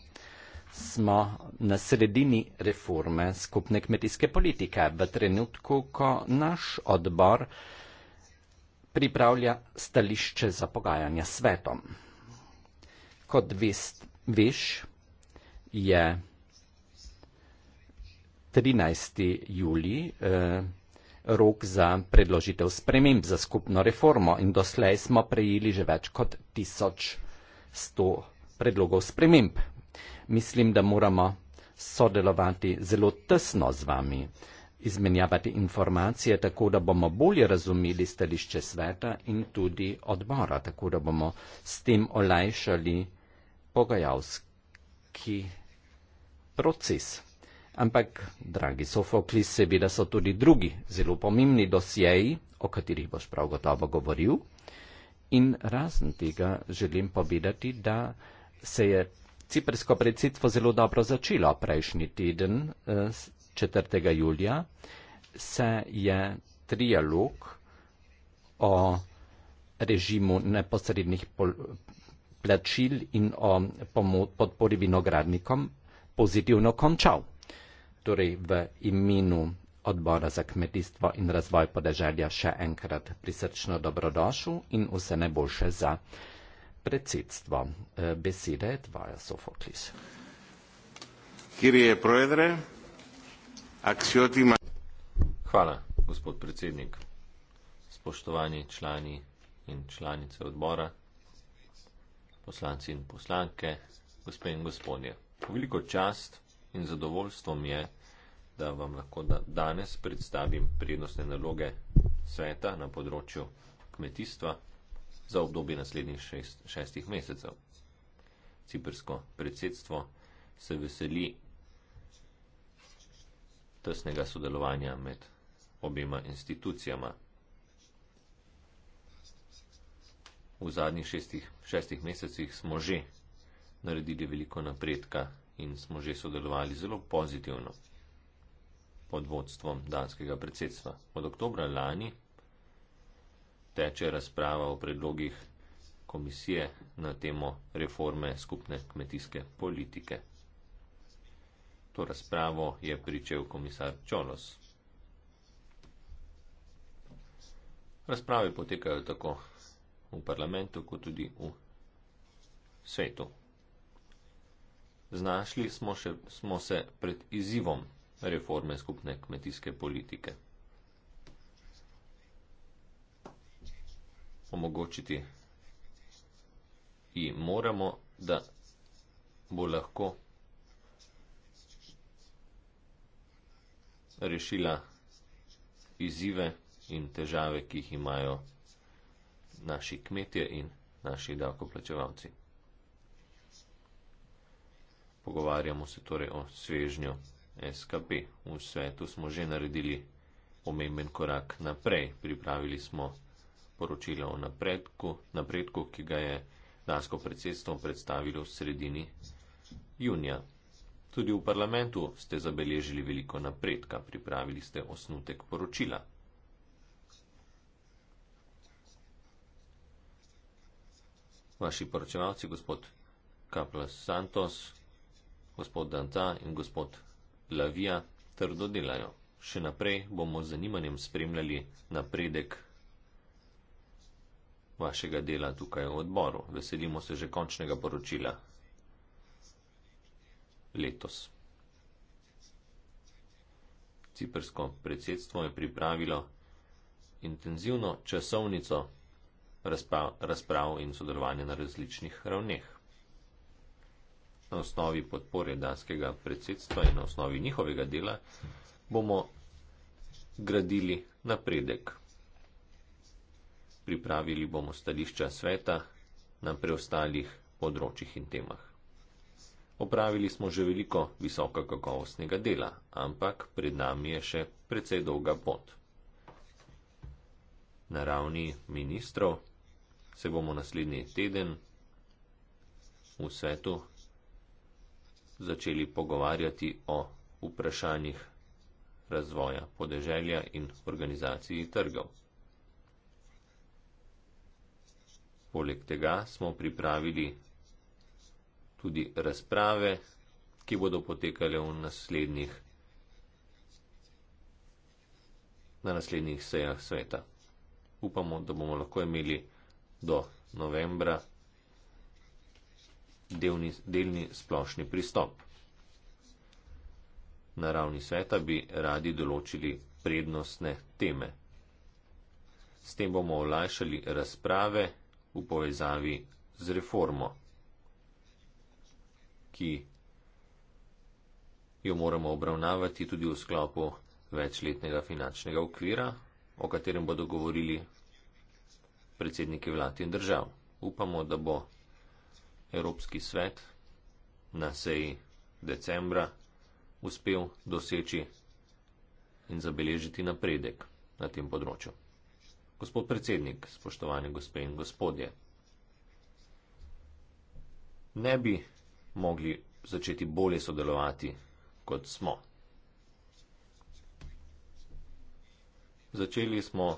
smo na sredini reforme skupne kmetijske politike, v trenutku, ko naš odbor pripravlja stališče za pogajanja s svetom. Kot veš, je 13. juli eh, rok za predložitev sprememb za skupno reformo in doslej smo prejeli že več kot 1100 predlogov sprememb mislim, da moramo sodelovati zelo tesno z vami, izmenjavati informacije, tako da bomo bolje razumeli stališče sveta in tudi odbora, tako da bomo s tem olajšali pogajalski proces. Ampak, dragi Sofokli, seveda so tudi drugi zelo pomembni dosjeji, o katerih boš prav gotovo govoril. In razen tega želim povedati, da se je Ciprsko predsedstvo zelo dobro začelo prejšnji teden, 4. Eh, julija, se je trialog o režimu neposrednih plačil in o podpori vinogradnikom pozitivno končal. Torej v imenu odbora za kmetijstvo in razvoj podeželja še enkrat prisrčno dobrodošel in vse najboljše za predsedstva. E, Besede dvaja Sofoklis. Kirje proedre, aksiotima. Hvala, gospod predsednik. Spoštovani člani in članice odbora, poslanci in poslanke, gospe in gospodje. Veliko čast in zadovoljstvo mi je, da vam lahko danes predstavim prednostne naloge sveta na področju kmetijstva za obdobje naslednjih šest, šestih mesecev. Ciprsko predsedstvo se veseli tesnega sodelovanja med obima institucijama. V zadnjih šestih, šestih mesecih smo že naredili veliko napredka in smo že sodelovali zelo pozitivno pod vodstvom danskega predsedstva. Od oktobra lani teče razprava o predlogih komisije na temo reforme skupne kmetijske politike. To razpravo je pričel komisar Čolos. Razprave potekajo tako v parlamentu, kot tudi v svetu. Znašli smo, še, smo se pred izzivom reforme skupne kmetijske politike. omogočiti in moramo, da bo lahko rešila izzive in težave, ki jih imajo naši kmetje in naši davkoplačevalci. Pogovarjamo se torej o svežnju SKP. V svetu smo že naredili pomemben korak naprej. Pripravili smo poročila o napredku, napredku, ki ga je dansko predsedstvo predstavilo v sredini junija. Tudi v parlamentu ste zabeležili veliko napredka, pripravili ste osnutek poročila. Vaši poročevalci, gospod Kaplas Santos, gospod Danta in gospod Lavija, trdo delajo. Še naprej bomo z zanimanjem spremljali napredek vašega dela tukaj v odboru. Veselimo se že končnega poročila letos. Ciprsko predsedstvo je pripravilo intenzivno časovnico razprav in sodelovanja na različnih ravneh. Na osnovi podpore danskega predsedstva in na osnovi njihovega dela bomo gradili napredek pripravili bomo stališča sveta na preostalih področjih in temah. Opravili smo že veliko visoko kakovostnega dela, ampak pred nami je še precej dolga pot. Na ravni ministrov se bomo naslednji teden v svetu začeli pogovarjati o vprašanjih razvoja podeželja in organizaciji trgov. Poleg tega smo pripravili tudi razprave, ki bodo potekale v naslednjih, na naslednjih sejah sveta. Upamo, da bomo lahko imeli do novembra delni, delni splošni pristop. Na ravni sveta bi radi določili prednostne teme. S tem bomo olajšali razprave v povezavi z reformo, ki jo moramo obravnavati tudi v sklopu večletnega finančnega okvira, o katerem bodo govorili predsedniki vlad in držav. Upamo, da bo Evropski svet na seji decembra uspel doseči in zabeležiti napredek na tem področju. Gospod predsednik, spoštovani gospe in gospodje, ne bi mogli začeti bolje sodelovati, kot smo. Začeli smo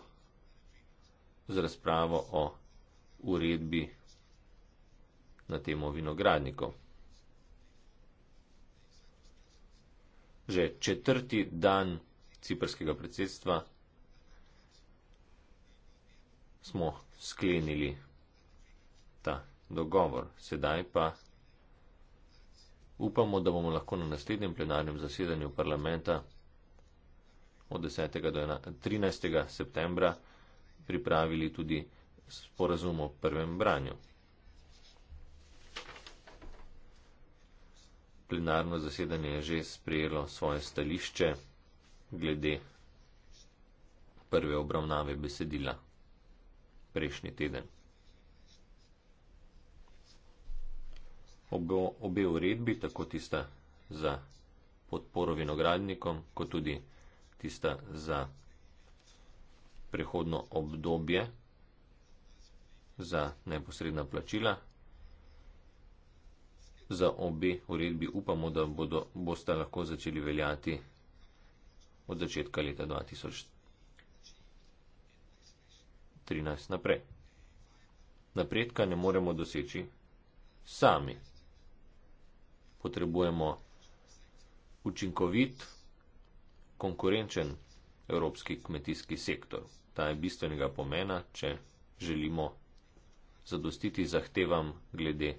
z razpravo o uredbi na temo vinogradnikov. Že četrti dan ciprskega predsedstva smo sklenili ta dogovor. Sedaj pa upamo, da bomo lahko na naslednjem plenarnem zasedanju parlamenta od 10. do 13. septembra pripravili tudi sporazum o prvem branju. Plenarno zasedanje je že sprejelo svoje stališče glede prve obravnave besedila prejšnji teden. Obo, obe uredbi, tako tista za podporo vinogradnikom, kot tudi tista za prehodno obdobje za neposredna plačila. Za obe uredbi upamo, da bodo, boste lahko začeli veljati od začetka leta 2020. 13 naprej. Napredka ne moremo doseči sami. Potrebujemo učinkovit, konkurenčen evropski kmetijski sektor. Ta je bistvenega pomena, če želimo zadostiti zahtevam glede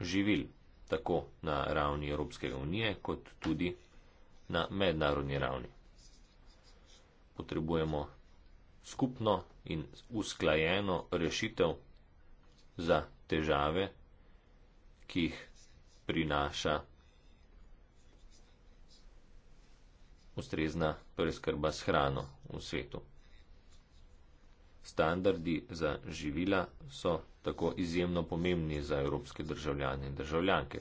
živil, tako na ravni Evropske unije, kot tudi na mednarodni ravni. Potrebujemo skupno in usklajeno rešitev za težave, ki jih prinaša ustrezna preskrba s hrano v svetu. Standardi za živila so tako izjemno pomembni za evropske državljane in državljanke.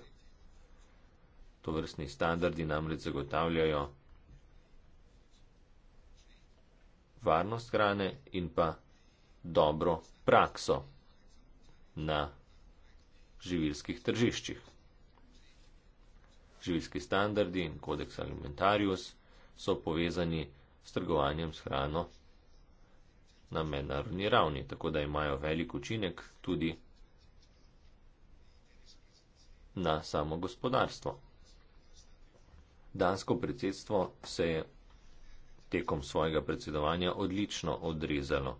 To vrstni standardi namreč zagotavljajo varnost hrane in pa dobro prakso na živilskih tržiščih. Živilski standardi in kodeks alimentarius so povezani s trgovanjem s hrano na mednarodni ravni, tako da imajo velik učinek tudi na samo gospodarstvo. Dansko predsedstvo se je tekom svojega predsedovanja odlično odrezalo.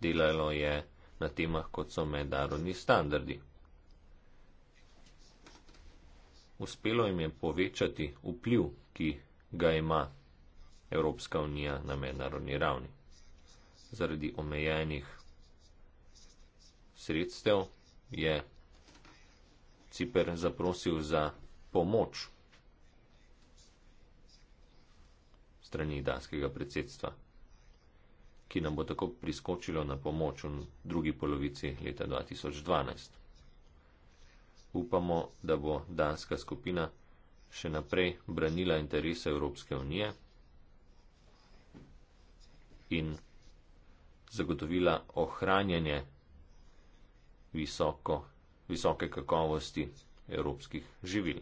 Delalo je na temah, kot so mednarodni standardi. Uspelo jim je povečati vpliv, ki ga ima Evropska unija na mednarodni ravni. Zaradi omejenih sredstev je Ciper zaprosil za pomoč strani danskega predsedstva, ki nam bo tako priskočilo na pomoč v drugi polovici leta 2012. Upamo, da bo danska skupina še naprej branila interese Evropske unije in zagotovila ohranjanje visoko, visoke kakovosti evropskih živil.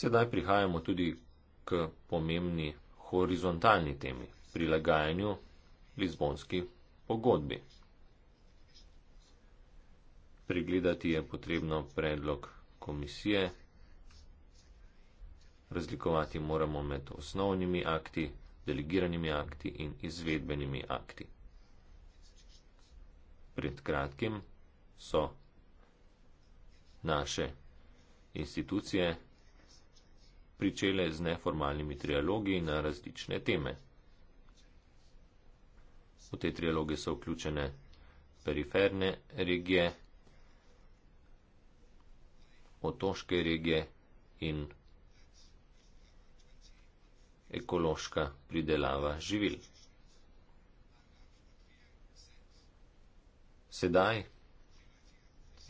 Sedaj prihajamo tudi k pomembni horizontalni temi - prilagajanju Lizbonski pogodbi. Pregledati je potrebno predlog komisije, razlikovati moramo med osnovnimi akti, delegiranimi akti in izvedbenimi akti. Pred kratkim so naše institucije pričele z neformalnimi trialogi na različne teme. V te trialoge so vključene periferne regije, otoške regije in ekološka pridelava živil. Sedaj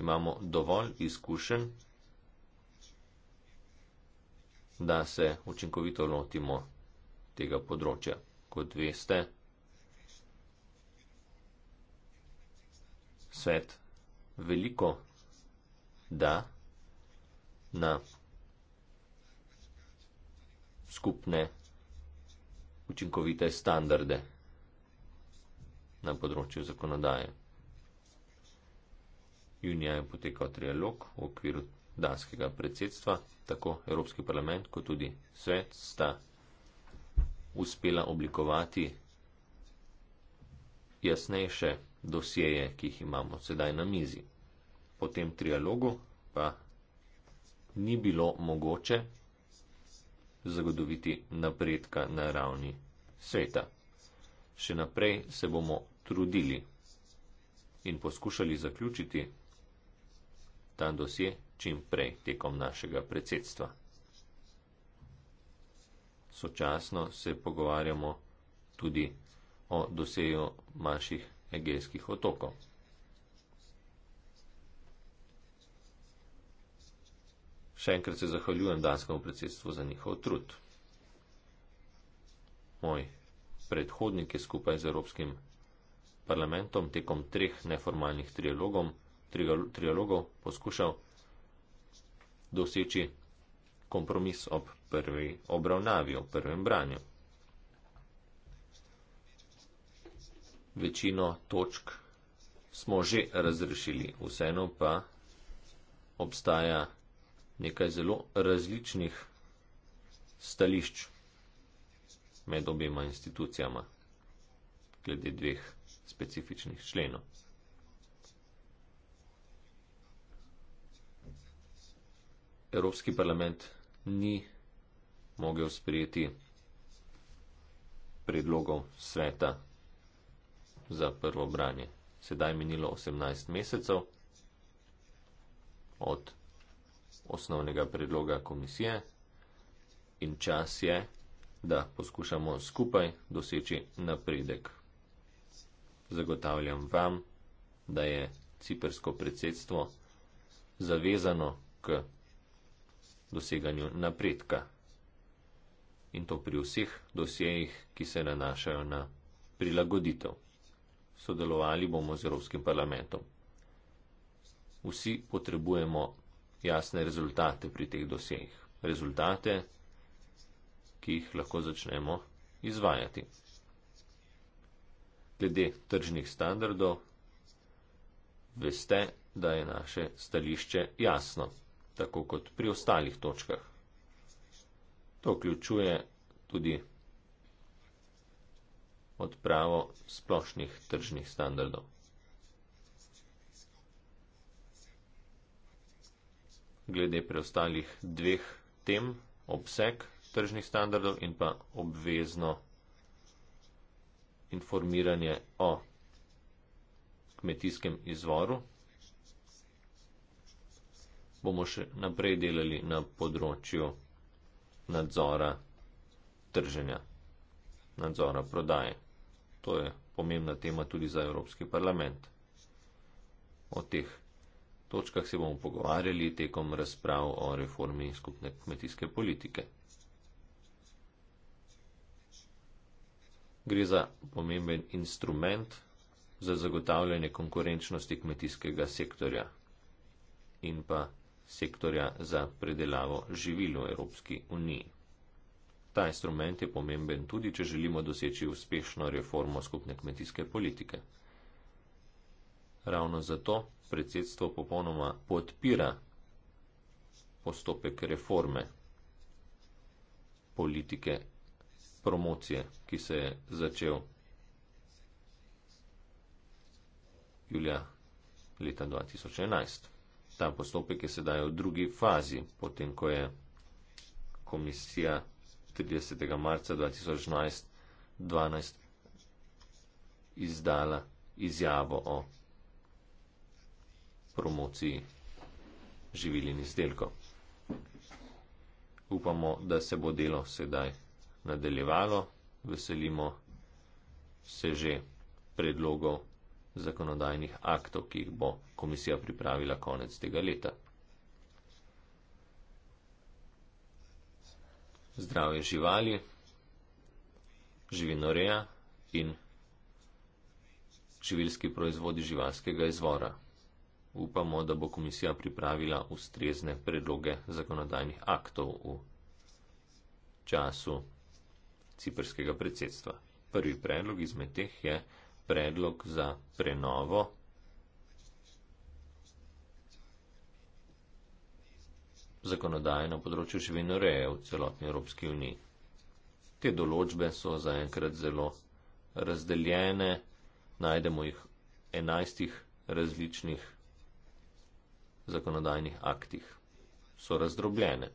imamo dovolj izkušenj, da se učinkovito lotimo tega področja. Kot veste, svet veliko da na skupne učinkovite standarde na področju zakonodaje. Junija je potekal trialog v okviru danskega predsedstva, tako Evropski parlament kot tudi svet, sta uspela oblikovati jasnejše dosjeje, ki jih imamo sedaj na mizi. Po tem trialogu pa ni bilo mogoče zagotoviti napredka na ravni sveta. Še naprej se bomo trudili in poskušali zaključiti ta dosje, čim prej tekom našega predsedstva. Sočasno se pogovarjamo tudi o doseju manjših egejskih otokov. Še enkrat se zahvaljujem danskemu predsedstvu za njihov trud. Moj predhodnik je skupaj z Evropskim parlamentom tekom treh neformalnih trialogov poskušal doseči kompromis ob prvi obravnavi, ob prvem branju. Večino točk smo že razrešili, vseeno pa obstaja nekaj zelo različnih stališč med obima institucijama glede dveh specifičnih členov. Evropski parlament ni mogel sprijeti predlogov sveta za prvo branje. Sedaj je minilo 18 mesecev od osnovnega predloga komisije in čas je, da poskušamo skupaj doseči napredek. Zagotavljam vam, da je ciprsko predsedstvo zavezano k doseganju napredka. In to pri vseh dosejih, ki se nanašajo na prilagoditev. Sodelovali bomo z Evropskim parlamentom. Vsi potrebujemo jasne rezultate pri teh dosejih. Rezultate, ki jih lahko začnemo izvajati. Glede tržnih standardov, veste, da je naše stališče jasno tako kot pri ostalih točkah. To vključuje tudi odpravo splošnih tržnih standardov. Glede preostalih dveh tem, obseg tržnih standardov in pa obvezno informiranje o kmetijskem izvoru, bomo še naprej delali na področju nadzora trženja, nadzora prodaje. To je pomembna tema tudi za Evropski parlament. O teh točkah se bomo pogovarjali tekom razprav o reformi skupne kmetijske politike. Gre za pomemben instrument za zagotavljanje konkurenčnosti kmetijskega sektorja in pa sektorja za predelavo živil v Evropski uniji. Ta instrument je pomemben tudi, če želimo doseči uspešno reformo skupne kmetijske politike. Ravno zato predsedstvo popolnoma podpira postopek reforme politike promocije, ki se je začel julija leta 2011. Ta postopek je sedaj v drugi fazi, potem ko je komisija 30. marca 2012 izdala izjavo o promociji živil in izdelkov. Upamo, da se bo delo sedaj nadaljevalo, veselimo se že predlogov zakonodajnih aktov, ki jih bo komisija pripravila konec tega leta. Zdravje živali, živinoreja in živilski proizvodi živalskega izvora. Upamo, da bo komisija pripravila ustrezne predloge zakonodajnih aktov v času ciperskega predsedstva. Prvi predlog izmed teh je predlog za prenovo. Zakonodaje na področju živinoreje v celotni Evropski uniji. Te določbe so zaenkrat zelo razdeljene, najdemo jih v enajstih različnih zakonodajnih aktih. So razdrobljene.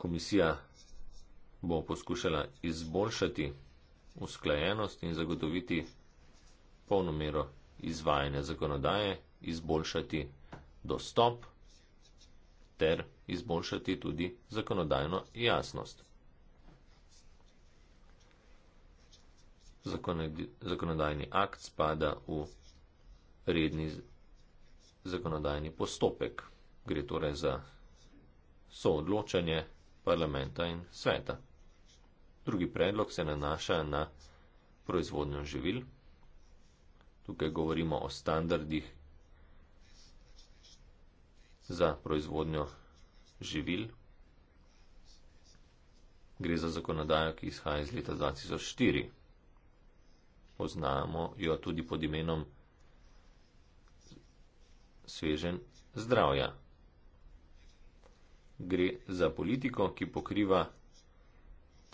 Komisija bomo poskušali izboljšati usklajenost in zagotoviti polno mero izvajanja zakonodaje, izboljšati dostop ter izboljšati tudi zakonodajno jasnost. Zakonodajni akt spada v redni zakonodajni postopek. Gre torej za soodločanje parlamenta in sveta. Drugi predlog se nanaša na proizvodnjo živil. Tukaj govorimo o standardih za proizvodnjo živil. Gre za zakonodajo, ki izhaja iz leta 2004. Poznamo jo tudi pod imenom svežen zdravja. Gre za politiko, ki pokriva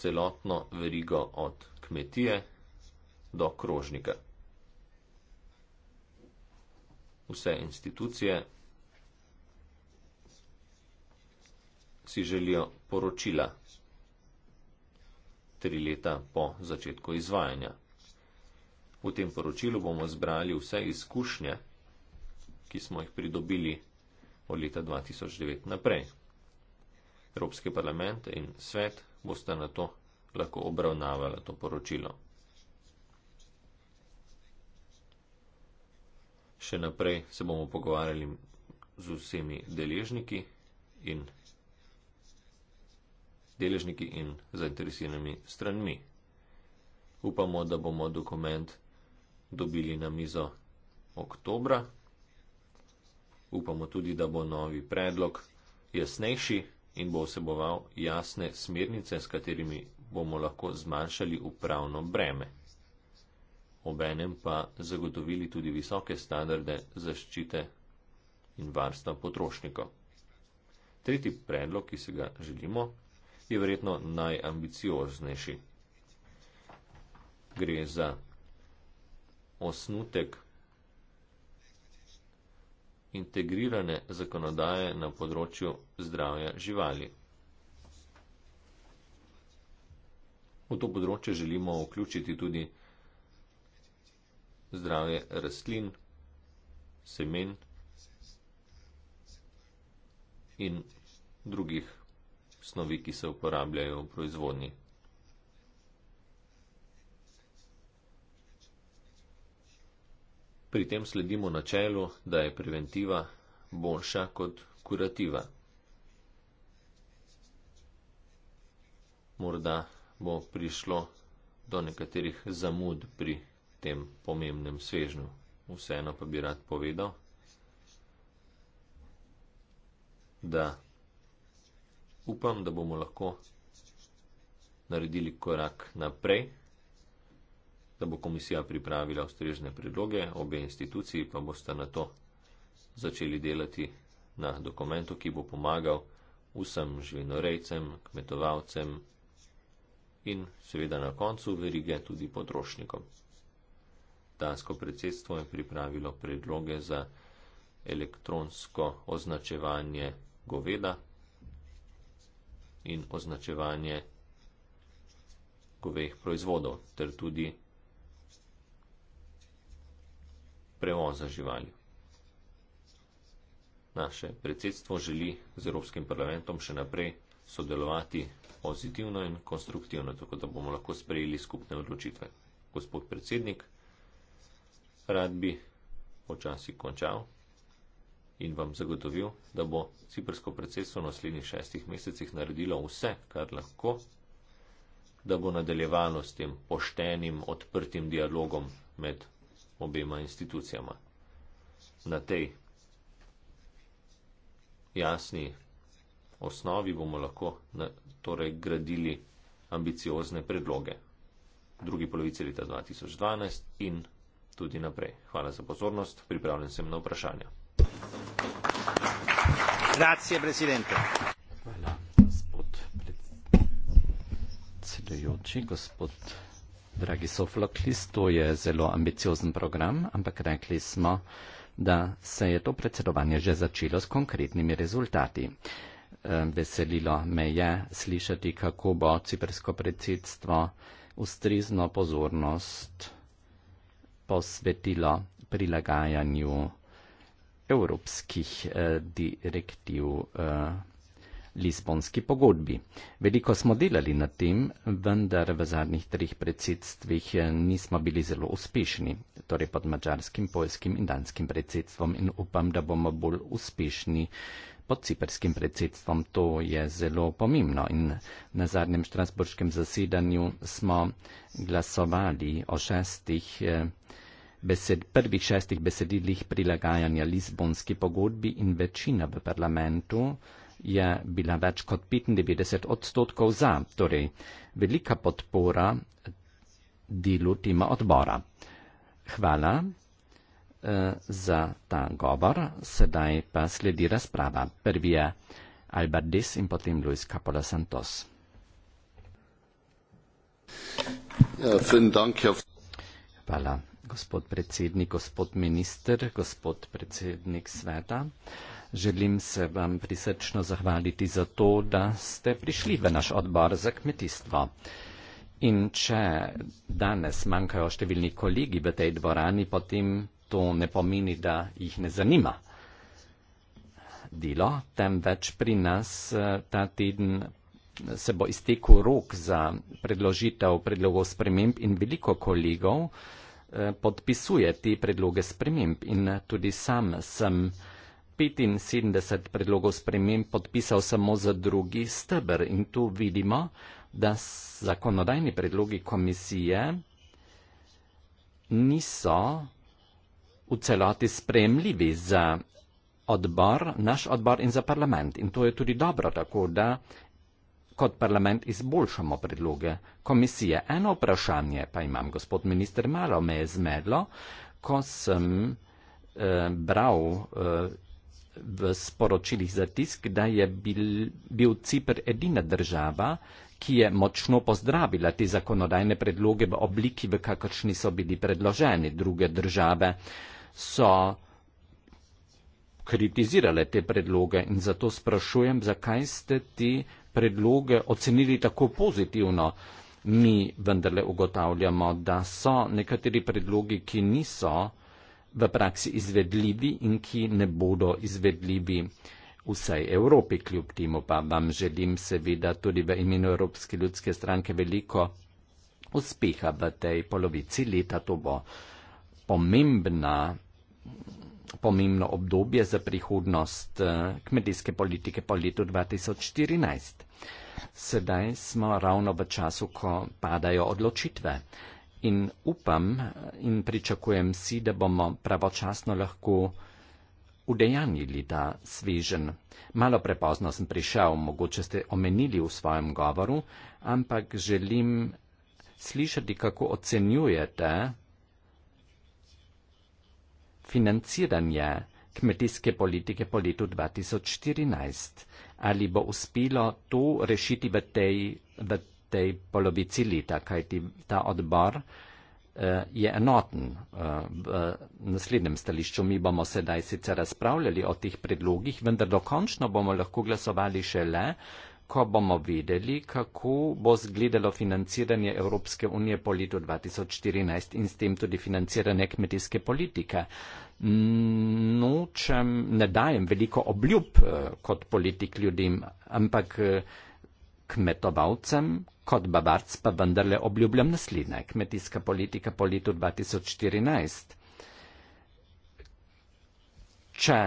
celotno verigo od kmetije do krožnika. Vse institucije si želijo poročila tri leta po začetku izvajanja. V tem poročilu bomo zbrali vse izkušnje, ki smo jih pridobili od leta 2009 naprej. Evropski parlament in svet bosta na to lahko obravnavala to poročilo. Še naprej se bomo pogovarjali z vsemi deležniki in, deležniki in zainteresiranimi stranmi. Upamo, da bomo dokument dobili na mizo oktobra. Upamo tudi, da bo novi predlog jasnejši in bo vseboval jasne smernice, s katerimi bomo lahko zmanjšali upravno breme. Obenem pa zagotovili tudi visoke standarde zaščite in varstva potrošnikov. Tretji predlog, ki se ga želimo, je verjetno najambicioznejši. Gre za osnutek integrirane zakonodaje na področju zdravja živali. V to področje želimo vključiti tudi zdravje rastlin, semen in drugih snovi, ki se uporabljajo v proizvodnji. Pri tem sledimo načelu, da je preventiva boljša kot kurativa. Morda bo prišlo do nekaterih zamud pri tem pomembnem svežnju. Vseeno pa bi rad povedal, da upam, da bomo lahko naredili korak naprej da bo komisija pripravila ustrežne predloge, obe instituciji pa boste na to začeli delati na dokumentu, ki bo pomagal vsem živinorejcem, kmetovalcem in seveda na koncu verige tudi potrošnikom. Dansko predsedstvo je pripravilo predloge za elektronsko označevanje goveda in označevanje goveh proizvodov ter tudi prevoza živali. Naše predsedstvo želi z Evropskim parlamentom še naprej sodelovati pozitivno in konstruktivno, tako da bomo lahko sprejeli skupne odločitve. Gospod predsednik, rad bi počasi končal in vam zagotovil, da bo ciprsko predsedstvo v naslednjih šestih mesecih naredilo vse, kar lahko, da bo nadaljevalo s tem poštenim, odprtim dialogom med obima institucijama. Na tej jasni osnovi bomo lahko na, torej gradili ambiciozne predloge drugi polovici leta 2012 in tudi naprej. Hvala za pozornost, pripravljen sem na vprašanja. Grazie, presidente. Hvala, gospod predsedujoči, gospod dragi Sofloklis, to je zelo ambiciozen program, ampak rekli smo, da se je to predsedovanje že začelo s konkretnimi rezultati. Eh, veselilo me je slišati, kako bo ciprsko predsedstvo ustrezno pozornost posvetilo prilagajanju evropskih eh, direktiv eh, Lisbonski pogodbi. Veliko smo delali na tem, vendar v zadnjih treh predsedstvih eh, nismo bili zelo uspešni, torej pod mačarskim, polskim in danskim predsedstvom in upam, da bomo bolj uspešni pod ciperskim predsedstvom. To je zelo pomembno in na zadnjem štrasburškem zasedanju smo glasovali o šestih eh, Besed, prvih šestih besedilih prilagajanja Lizbonski pogodbi in večina v parlamentu je bila več kot 95 odstotkov za, torej velika podpora delu tima odbora. Hvala eh, za ta govor, sedaj pa sledi razprava. Prvi je Albert Dis in potem Luis Capola Santos. Ja, Hvala, gospod predsednik, gospod minister, gospod predsednik sveta. Eh, Želim se vam prisrčno zahvaliti za to, da ste prišli v naš odbor za kmetijstvo. In če danes manjkajo številni kolegi v tej dvorani, potem to ne pomeni, da jih ne zanima delo, temveč pri nas eh, ta teden se bo iztekel rok za predložitev predlogov sprememb in veliko kolegov eh, podpisuje te predloge sprememb in tudi sam sem. 75 predlogov sprememb podpisal samo za drugi stebr in tu vidimo, da zakonodajni predlogi komisije niso v celoti spremljivi za odbor, naš odbor in za parlament. In to je tudi dobro, tako da kot parlament izboljšamo predloge komisije. Eno vprašanje pa imam, gospod minister, malo me je zmedlo, ko sem eh, bral eh, v sporočilih zatisk, da je bil, bil Cipr edina država, ki je močno pozdravila te zakonodajne predloge v obliki, v kakršni so bili predloženi. Druge države so kritizirale te predloge in zato sprašujem, zakaj ste ti predloge ocenili tako pozitivno. Mi vendarle ugotavljamo, da so nekateri predlogi, ki niso v praksi izvedljivi in ki ne bodo izvedljivi vsej Evropi. Kljub temu pa vam želim seveda tudi v imenu Evropske ljudske stranke veliko uspeha v tej polovici leta. To bo pomembna, pomembno obdobje za prihodnost eh, kmetijske politike po letu 2014. Sedaj smo ravno v času, ko padajo odločitve in upam in pričakujem si, da bomo pravočasno lahko udejanjili ta svežen. Malo prepozno sem prišel, mogoče ste omenili v svojem govoru, ampak želim slišati, kako ocenjujete financiranje kmetijske politike po letu 2014. Ali bo uspelo to rešiti v, tej, v tej polovici leta, kajti ta odbor eh, je enoten eh, v naslednjem stališču. Mi bomo sedaj sicer razpravljali o teh predlogih, vendar dokončno bomo lahko glasovali šele, ko bomo vedeli, kako bo zgledalo financiranje Evropske unije po letu 2014 in s tem tudi financiranje kmetijske politike. Nočem, ne dajem veliko obljub eh, kot politik ljudem, ampak kmetovalcem, Kot babarc pa vendarle obljubljam naslednja kmetijska politika po letu 2014, če,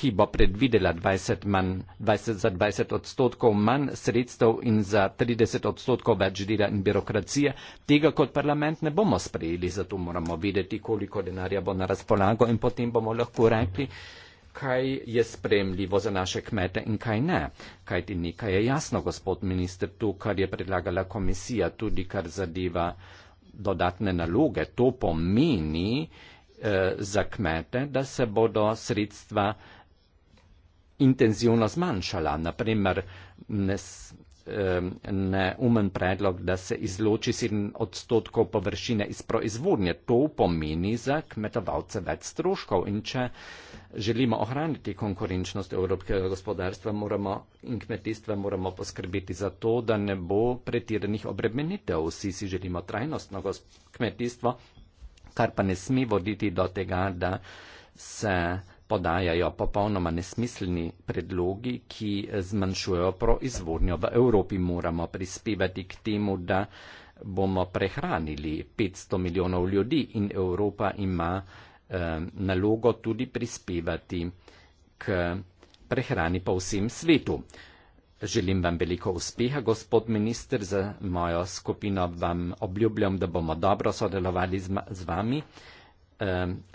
ki bo predvidela 20 manj, 20 za 20 odstotkov manj sredstev in za 30 odstotkov več dela in birokracije, tega kot parlament ne bomo sprejeli, zato moramo videti, koliko denarja bo na razpolago in potem bomo lahko rekli, kaj je spremljivo za naše kmete in kaj ne. Kaj ti nekaj je jasno, gospod minister, tu, kar je predlagala komisija, tudi kar zadeva dodatne naloge. To pomeni eh, za kmete, da se bodo sredstva intenzivno zmanjšala. Naprimer, en umen predlog, da se izloči 7 odstotkov površine iz proizvodnje. To pomeni za kmetovalce več stroškov in če želimo ohraniti konkurenčnost evropskega gospodarstva moramo, in kmetijstva, moramo poskrbiti za to, da ne bo pretiranih obremenitev. Vsi si želimo trajnostno kmetijstvo, kar pa ne sme voditi do tega, da se podajajo popolnoma nesmiselni predlogi, ki zmanjšujejo proizvodnjo. V Evropi moramo prispevati k temu, da bomo prehranili 500 milijonov ljudi in Evropa ima eh, nalogo tudi prispevati k prehrani po vsem svetu. Želim vam veliko uspeha, gospod minister, za mojo skupino vam obljubljam, da bomo dobro sodelovali z, z vami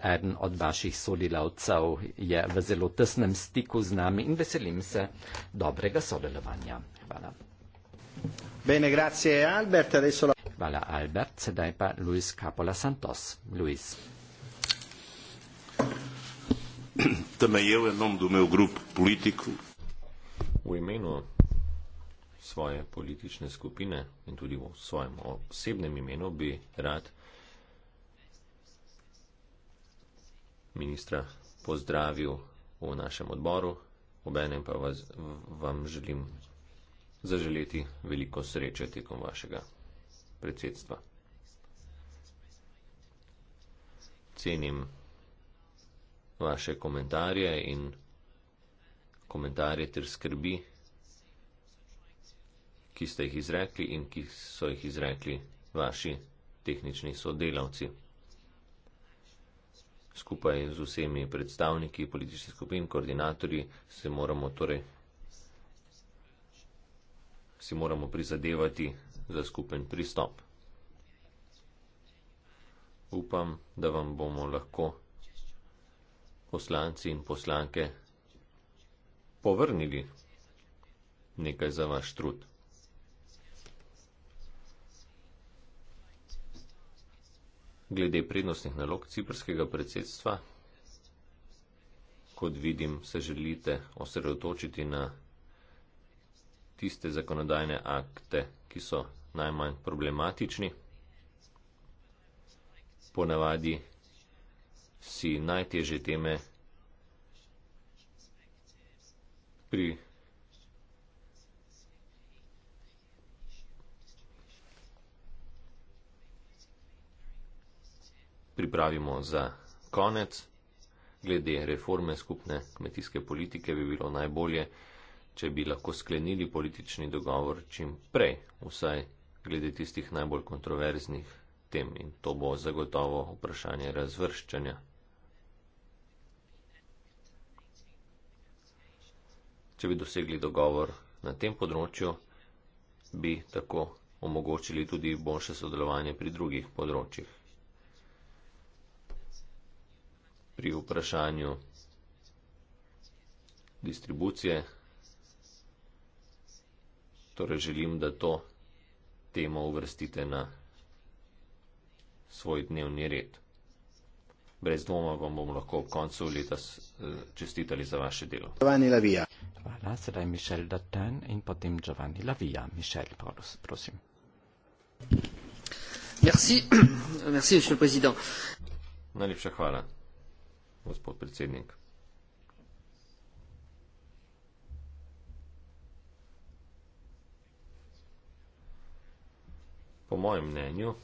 eden od vaših sodelavcev je v zelo tesnem stiku z nami in veselim se dobrega sodelovanja. Hvala. Bene, grazie Albert. La... Hvala Albert, sedaj pa Luis Capola Santos. Luis. Também eu, em nome do meu grupo político, o imenu svoje politične skupine in tudi v svojem osebnem imenu bi rad ministra pozdravil v našem odboru, obenem pa vas, vam želim zaželeti veliko sreče tekom vašega predsedstva. Cenim vaše komentarje in komentarje ter skrbi, ki ste jih izrekli in ki so jih izrekli vaši tehnični sodelavci skupaj z vsemi predstavniki političnih skupin, koordinatorji, se moramo torej si moramo prizadevati za skupen pristop. Upam, da vam bomo lahko poslanci in poslanke povrnili nekaj za vaš trud. glede prednostnih nalog ciprskega predsedstva. Kot vidim, se želite osredotočiti na tiste zakonodajne akte, ki so najmanj problematični. Ponavadi si najtežje teme pri pripravimo za konec. Glede reforme skupne kmetijske politike bi bilo najbolje, če bi lahko sklenili politični dogovor čim prej, vsaj glede tistih najbolj kontroverznih tem in to bo zagotovo vprašanje razvrščanja. Če bi dosegli dogovor na tem področju, bi tako omogočili tudi boljše sodelovanje pri drugih področjih. pri vprašanju distribucije. Torej želim, da to temo uvrstite na svoj dnevni red. Brez dvoma vam bomo lahko ob koncu leta eh, čestitali za vaše delo. Hvala, sedaj Mišel Datan in potem Giovanni Lavija. Mišel, prosim. Merci, merci, monsieur le président. Najlepša hvala gospod predsednik. Po mojem mnenju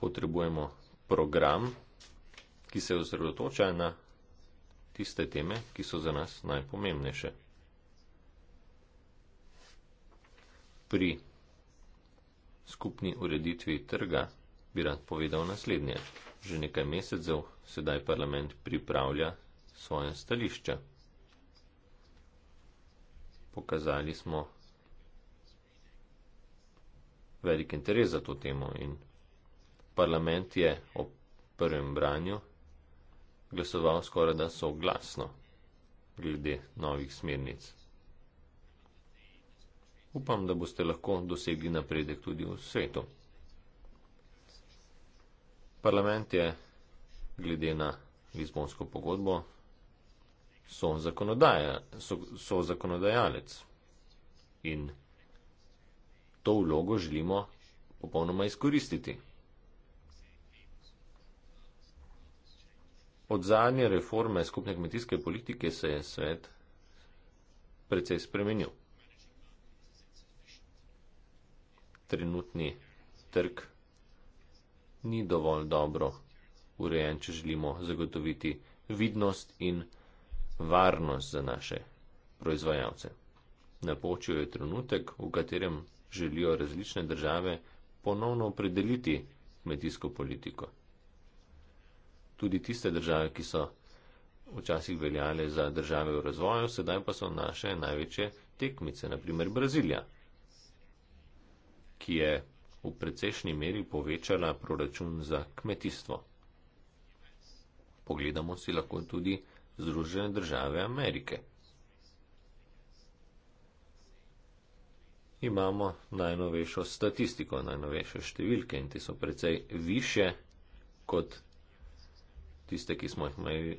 potrebujemo program, ki se osredotoča na tiste teme, ki so za nas najpomembnejše. Pri skupni ureditvi trga bi rad povedal naslednje. Že nekaj mesecev sedaj parlament pripravlja svoje stališča. Pokazali smo velik interes za to temo in parlament je ob prvem branju glasoval skoraj da soglasno glede novih smernic. Upam, da boste lahko dosegli napredek tudi v svetu. Parlament je glede na Lizbonsko pogodbo so, so, so zakonodajalec in to vlogo želimo popolnoma izkoristiti. Od zadnje reforme skupne kmetijske politike se je svet precej spremenil. Trenutni trg ni dovolj dobro urejen, če želimo zagotoviti vidnost in varnost za naše proizvajalce. Napočil je trenutek, v katerem želijo različne države ponovno opredeliti kmetijsko politiko. Tudi tiste države, ki so včasih veljale za države v razvoju, sedaj pa so naše največje tekmice, naprimer Brazilija, ki je v precejšnji meri povečala proračun za kmetijstvo. Pogledamo si lahko tudi Združene države Amerike. Imamo najnovejšo statistiko, najnovejše številke in te so precej više kot tiste, ki smo jih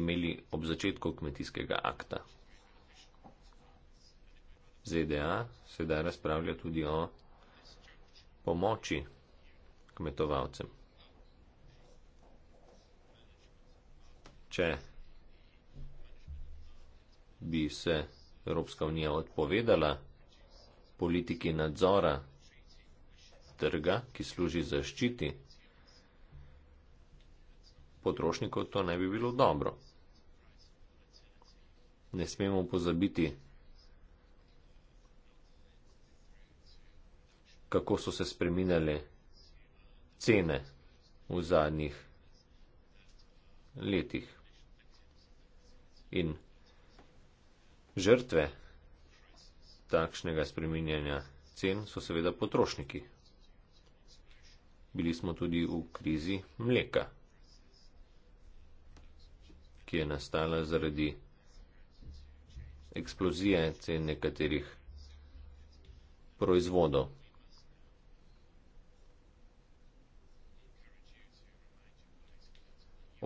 imeli ob začetku kmetijskega akta. ZDA e sedaj razpravlja tudi o pomoči kmetovalcem. Če bi se Evropska unija odpovedala politiki nadzora trga, ki služi zaščiti potrošnikov, to ne bi bilo dobro. Ne smemo pozabiti, kako so se spreminjale cene v zadnjih letih. In žrtve takšnega spreminjanja cen so seveda potrošniki. Bili smo tudi v krizi mleka, ki je nastala zaradi eksplozije cen nekaterih proizvodov.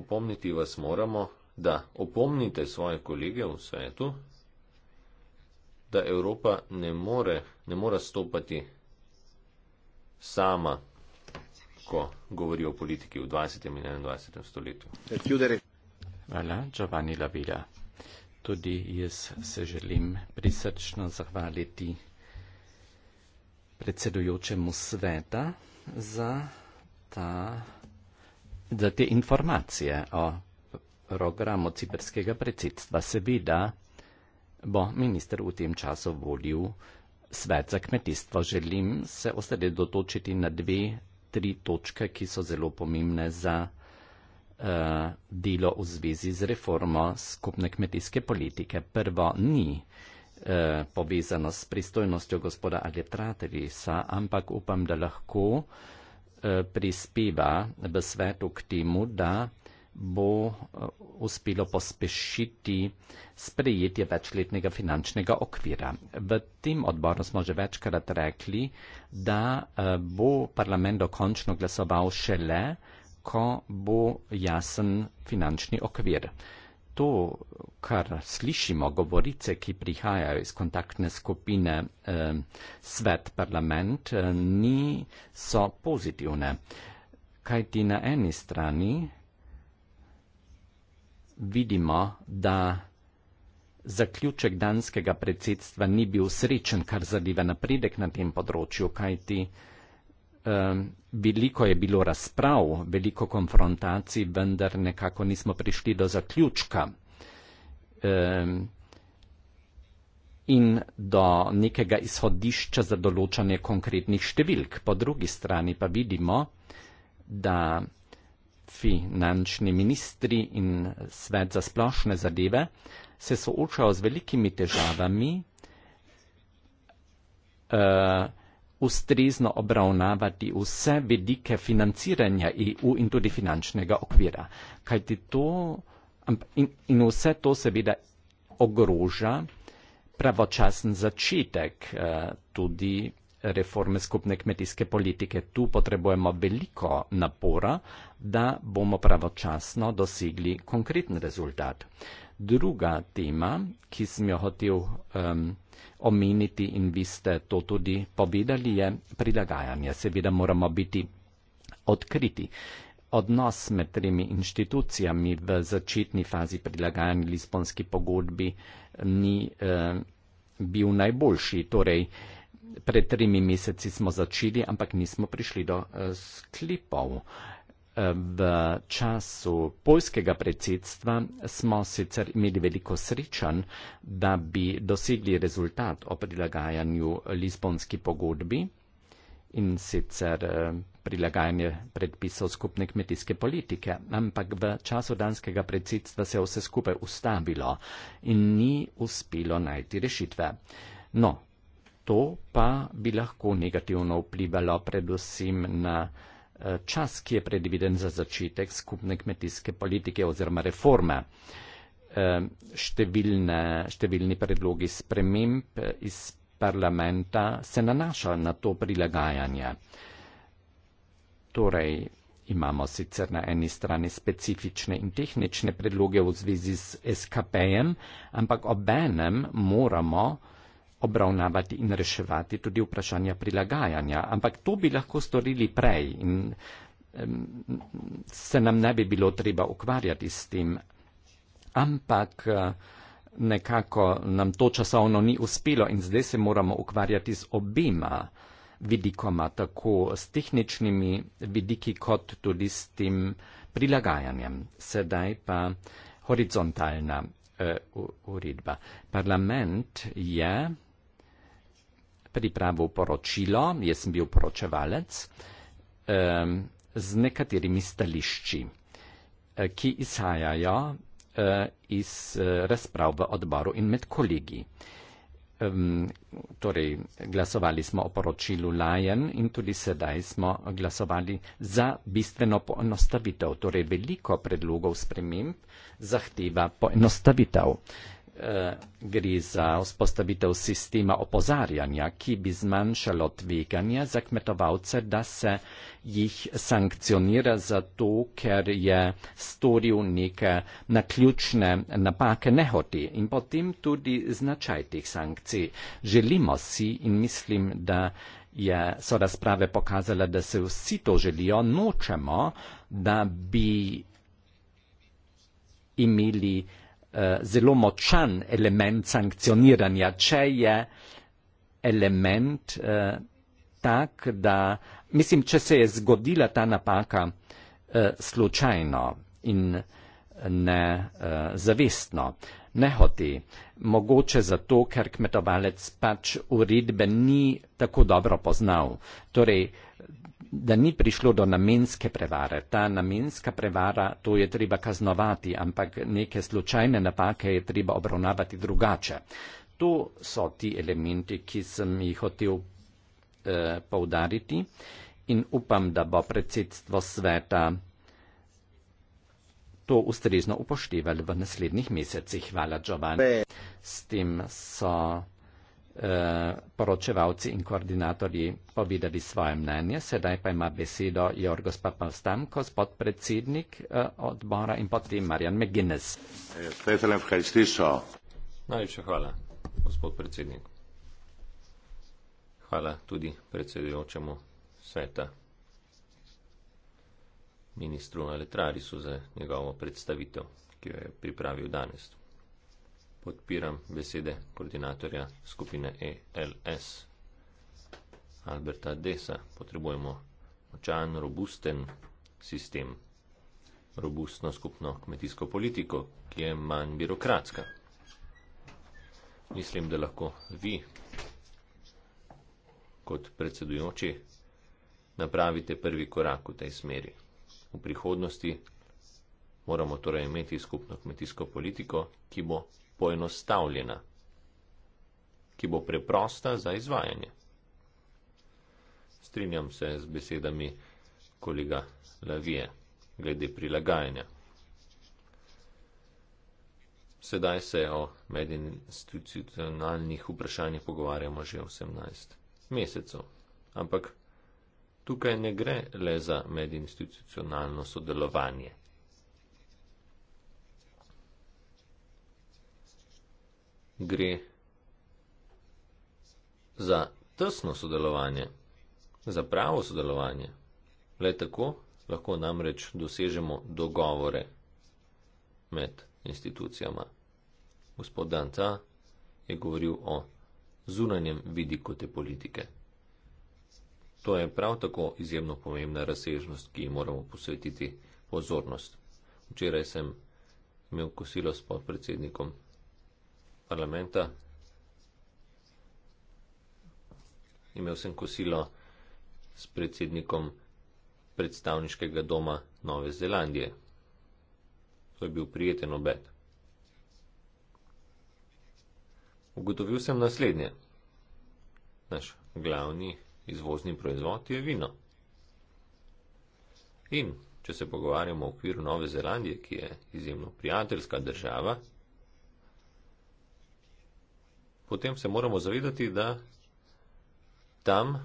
opomniti vas moramo, da opomnite svoje kolege v svetu, da Evropa ne more, ne mora stopati sama, ko govori o politiki v 20. in 21. stoletju. Hvala, Giovanni Lavira. Tudi jaz se želim prisrčno zahvaliti predsedujočemu sveta za ta da te informacije o programu ciperskega predsedstva seveda bo minister v tem času vodil svet za kmetijstvo. Želim se osredotočiti na dve, tri točke, ki so zelo pomembne za uh, delo v zvezi z reformo skupne kmetijske politike. Prvo ni uh, povezano s pristojnostjo gospoda Aljetratelisa, ampak upam, da lahko uh, Eh, prispeva v svetu k temu, da bo eh, uspelo pospešiti sprejetje večletnega finančnega okvira. V tem odboru smo že večkrat rekli, da eh, bo parlament dokončno glasoval šele, ko bo jasen finančni okvir to, kar slišimo, govorice, ki prihajajo iz kontaktne skupine eh, svet parlament, eh, niso pozitivne. Kaj ti na eni strani vidimo, da zaključek danskega predsedstva ni bil srečen, kar zadeva napredek na tem področju, kaj ti veliko je bilo razprav, veliko konfrontacij, vendar nekako nismo prišli do zaključka in do nekega izhodišča za določanje konkretnih številk. Po drugi strani pa vidimo, da finančni ministri in svet za splošne zadeve se soočajo z velikimi težavami, eh, ustrezno obravnavati vse vedike financiranja EU in tudi finančnega okvira. Kajti to in, in vse to seveda ogroža pravočasen začetek eh, tudi reforme skupne kmetijske politike. Tu potrebujemo veliko napora, da bomo pravočasno dosegli konkreten rezultat druga tema, ki sem jo hotel um, omeniti in vi ste to tudi povedali, je prilagajanje. Seveda moramo biti odkriti. Odnos med tremi inštitucijami v začetni fazi prilagajanja Lisbonski pogodbi ni eh, bil najboljši. Torej, pred tremi meseci smo začeli, ampak nismo prišli do eh, sklepov. Eh, V času poljskega predsedstva smo sicer imeli veliko srečan, da bi dosegli rezultat o prilagajanju Lizbonski pogodbi in sicer eh, prilagajanje predpisov skupne kmetijske politike, ampak v času danskega predsedstva se je vse skupaj ustavilo in ni uspelo najti rešitve. No, to pa bi lahko negativno vplivalo predvsem na čas, ki je predviden za začetek skupne kmetijske politike oziroma reforme. Eh, številne, številni predlogi sprememb eh, iz parlamenta se nanaša na to prilagajanje. Torej, imamo sicer na eni strani specifične in tehnične predloge v zvezi s SKP-jem, ampak obenem moramo obravnavati in reševati tudi vprašanja prilagajanja, ampak to bi lahko storili prej in um, se nam ne bi bilo treba ukvarjati s tem. Ampak eh, nekako nam to časovno ni uspelo in zdaj se moramo ukvarjati z obima vidikoma, tako s tehničnimi vidiki kot tudi s tem prilagajanjem. Sedaj pa horizontalna uh, uredba. Parlament je. Yeah pripravil poročilo, jaz sem bil poročevalec, um, z nekaterimi stališči, eh, ki izhajajo uh, iz uh, razprav v odboru in med kolegi. Um, torej, glasovali smo o poročilu Lajen in tudi sedaj smo glasovali za bistveno poenostavitev. Torej, veliko predlogov sprememb zahteva poenostavitev. Uh, Eh, gre za vzpostavitev sistema opozarjanja, ki bi zmanjšalo tveganje za kmetovalce, da se jih sankcionira za to, ker je storil neke naključne napake nehoti in potem tudi značaj teh sankcij. Želimo si in mislim, da je, so razprave pokazale, da se vsi to želijo, nočemo, da bi imeli Eh, zelo močan element sankcioniranja, če je element eh, tak, da mislim, če se je zgodila ta napaka eh, slučajno in ne eh, zavestno, ne hoti, mogoče zato, ker kmetovalec pač uredbe ni tako dobro poznal. Torej, eh, da ni prišlo do namenske prevare. Ta namenska prevara, to je treba kaznovati, ampak neke slučajne napake je treba obravnavati drugače. To so ti elementi, ki sem jih hotel eh, povdariti in upam, da bo predsedstvo sveta to ustrezno upoštevali v naslednjih mesecih. Hvala, Giovanni. S tem so poročevalci in koordinatorji povedali svoje mnenje. Sedaj pa ima besedo Jorg Gospa Palstamko, podpredsednik eh, odbora in potem Marjan McGuinness. Eh, Najlepša hvala, gospod predsednik. Hvala tudi predsedujočemu sveta ministru Aletrarisu za njegovo predstavitev, ki jo je pripravil danes podpiram besede koordinatorja skupine ELS Alberta Desa. Potrebujemo močan, robusten sistem, robustno skupno kmetijsko politiko, ki je manj birokratska. Mislim, da lahko vi kot predsedujoči napravite prvi korak v tej smeri. V prihodnosti moramo torej imeti skupno kmetijsko politiko, ki bo poenostavljena, ki bo preprosta za izvajanje. Strinjam se z besedami kolega Lavije glede prilagajanja. Sedaj se o medinstitucionalnih vprašanjih pogovarjamo že 18 mesecev, ampak tukaj ne gre le za medinstitucionalno sodelovanje. gre za tesno sodelovanje, za pravo sodelovanje. Le tako lahko namreč dosežemo dogovore med institucijama. Gospod Danca je govoril o zunanjem vidiku te politike. To je prav tako izjemno pomembna razsežnost, ki ji moramo posvetiti pozornost. Včeraj sem imel kosilo s podpredsednikom parlamenta. Imel sem kosilo s predsednikom predstavniškega doma Nove Zelandije. To je bil prijeten obed. Ugotovil sem naslednje. Naš glavni izvozni proizvod je vino. In, če se pogovarjamo v okviru Nove Zelandije, ki je izjemno prijateljska država, potem se moramo zavedati, da tam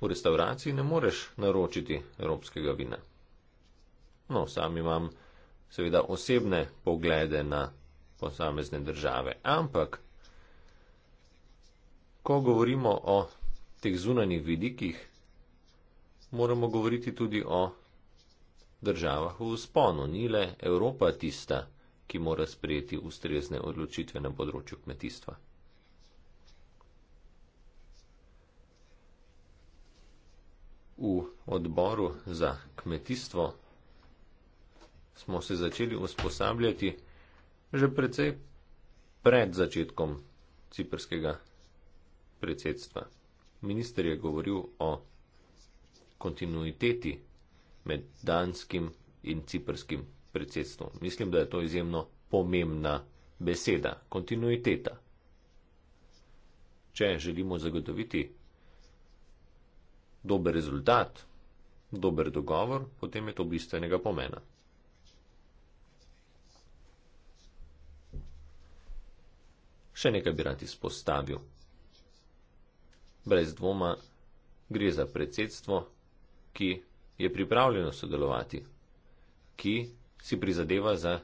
v restauraciji ne moreš naročiti evropskega vina. No, sam imam seveda osebne poglede na posamezne države, ampak ko govorimo o teh zunanjih vidikih, moramo govoriti tudi o državah v sponu. Ni le Evropa tista, ki mora sprejeti ustrezne odločitve na področju kmetijstva. V odboru za kmetijstvo smo se začeli usposabljati že precej pred začetkom ciprskega predsedstva. Ministr je govoril o kontinuiteti med danskim in ciprskim predsedstvom. Mislim, da je to izjemno pomembna beseda, kontinuiteta. Če želimo zagotoviti dober rezultat, dober dogovor, potem je to bistvenega pomena. Še nekaj bi rad izpostavil. Brez dvoma gre za predsedstvo, ki je pripravljeno sodelovati, ki si prizadeva za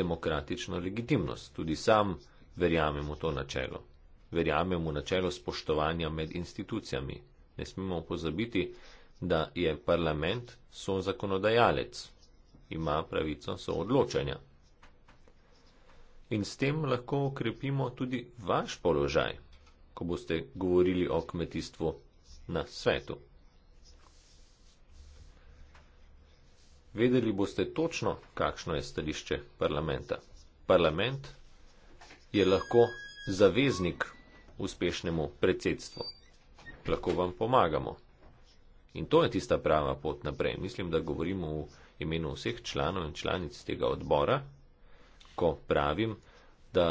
demokratično legitimnost. Tudi sam verjamem v to načelo. Verjamem v načelo spoštovanja med institucijami ne smemo pozabiti, da je parlament so zakonodajalec, ima pravico so odločanja. In s tem lahko okrepimo tudi vaš položaj, ko boste govorili o kmetijstvu na svetu. Vedeli boste točno, kakšno je stališče parlamenta. Parlament je lahko zaveznik uspešnemu predsedstvu lahko vam pomagamo. In to je tista prava pot naprej. Mislim, da govorimo v imenu vseh članov in članic tega odbora, ko pravim, da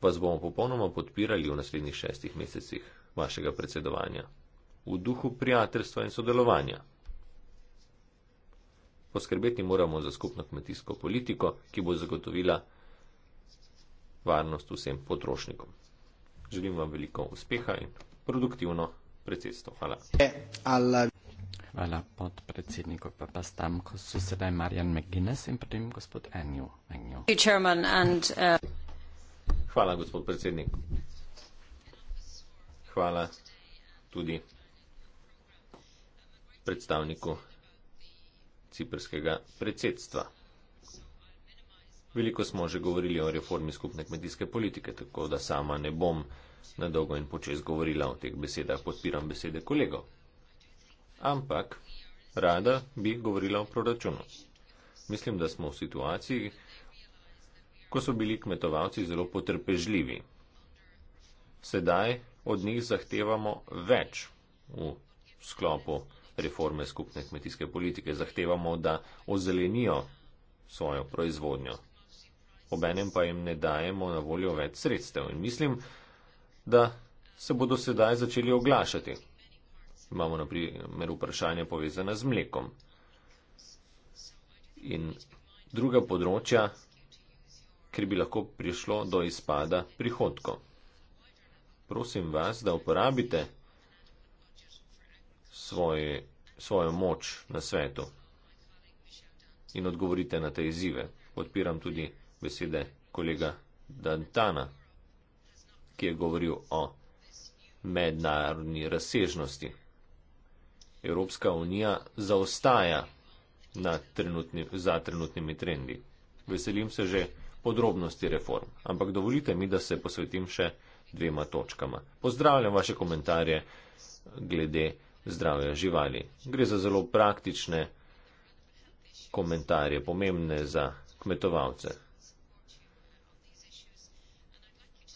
vas bomo popolnoma podpirali v naslednjih šestih mesecih vašega predsedovanja v duhu prijateljstva in sodelovanja. Poskrbeti moramo za skupno kmetijsko politiko, ki bo zagotovila varnost vsem potrošnikom. Želim vam veliko uspeha in produktivno predsedstvo. Hvala. Hvala podpredsedniku, pa pa stam, ko so sedaj Marjan McGuinness in potem gospod Enju. Uh... Hvala, gospod predsednik. Hvala tudi predstavniku ciprskega predsedstva. Veliko smo že govorili o reformi skupne kmetijske politike, tako da sama ne bom na dolgo in počes govorila o teh besedah, podpiram besede kolegov. Ampak rada bi govorila o proračunu. Mislim, da smo v situaciji, ko so bili kmetovalci zelo potrpežljivi. Sedaj od njih zahtevamo več v sklopu reforme skupne kmetijske politike. Zahtevamo, da ozelenijo svojo proizvodnjo obenem pa jim ne dajemo na voljo več sredstev. In mislim, da se bodo sedaj začeli oglašati. Imamo naprimer vprašanje povezane z mlekom. In druga področja, kjer bi lahko prišlo do izpada prihodkov. Prosim vas, da uporabite svoj, svojo moč na svetu in odgovorite na te izzive. Podpiram tudi besede kolega Dantana, ki je govoril o mednarodni razsežnosti. Evropska unija zaostaja trenutni, za trenutnimi trendi. Veselim se že podrobnosti reform, ampak dovolite mi, da se posvetim še dvema točkama. Pozdravljam vaše komentarje glede zdravja živali. Gre za zelo praktične komentarje, pomembne za kmetovalce.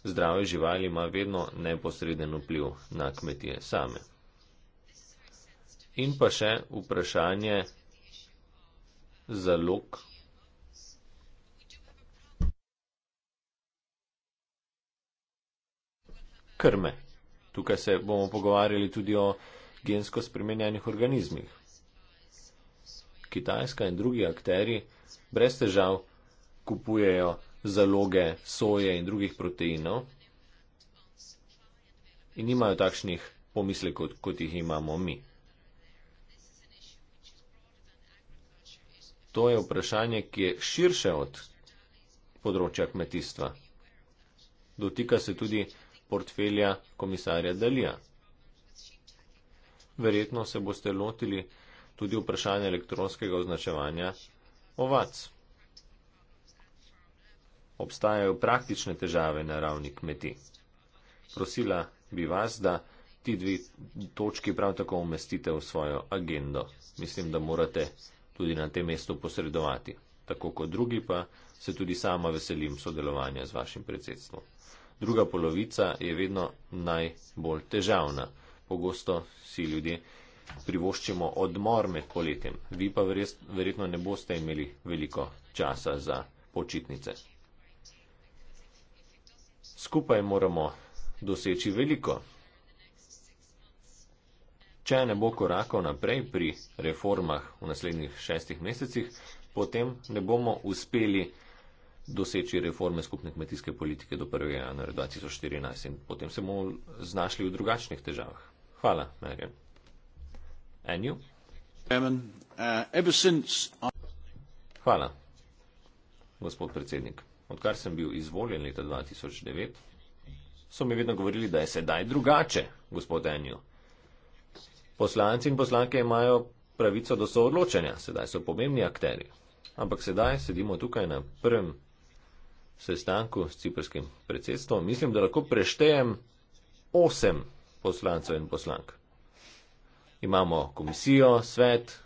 Zdravje živali ima vedno neposreden vpliv na kmetije same. In pa še vprašanje za lok. Krme. Tukaj se bomo pogovarjali tudi o gensko spremenjenih organizmih. Kitajska in drugi akteri brez težav kupujejo zaloge soje in drugih proteinov in nimajo takšnih pomislekov, kot jih imamo mi. To je vprašanje, ki je širše od področja kmetijstva. Dotika se tudi portfelja komisarja Dalija. Verjetno se boste lotili tudi vprašanja elektronskega označevanja ovac obstajajo praktične težave na ravni kmetij. Prosila bi vas, da ti dve točki prav tako umestite v svojo agendo. Mislim, da morate tudi na tem mestu posredovati. Tako kot drugi pa se tudi sama veselim sodelovanja z vašim predsedstvom. Druga polovica je vedno najbolj težavna. Pogosto si ljudje privoščimo odmor med poletjem. Vi pa verjetno ne boste imeli veliko časa za počitnice skupaj moramo doseči veliko. Če ne bo korakov naprej pri reformah v naslednjih šestih mesecih, potem ne bomo uspeli doseči reforme skupne kmetijske politike do 1. januarja 2014 in potem se bomo znašli v drugačnih težavah. Hvala, Marjan. Enju? Uh, Hvala, gospod predsednik odkar sem bil izvoljen leta 2009, so mi vedno govorili, da je sedaj drugače, gospod Enju. Poslanci in poslanke imajo pravico do soodločanja, sedaj so pomembni akteri. Ampak sedaj sedimo tukaj na prvem sestanku s ciprskim predsedstvom. Mislim, da lahko preštejem osem poslancev in poslank. Imamo komisijo, svet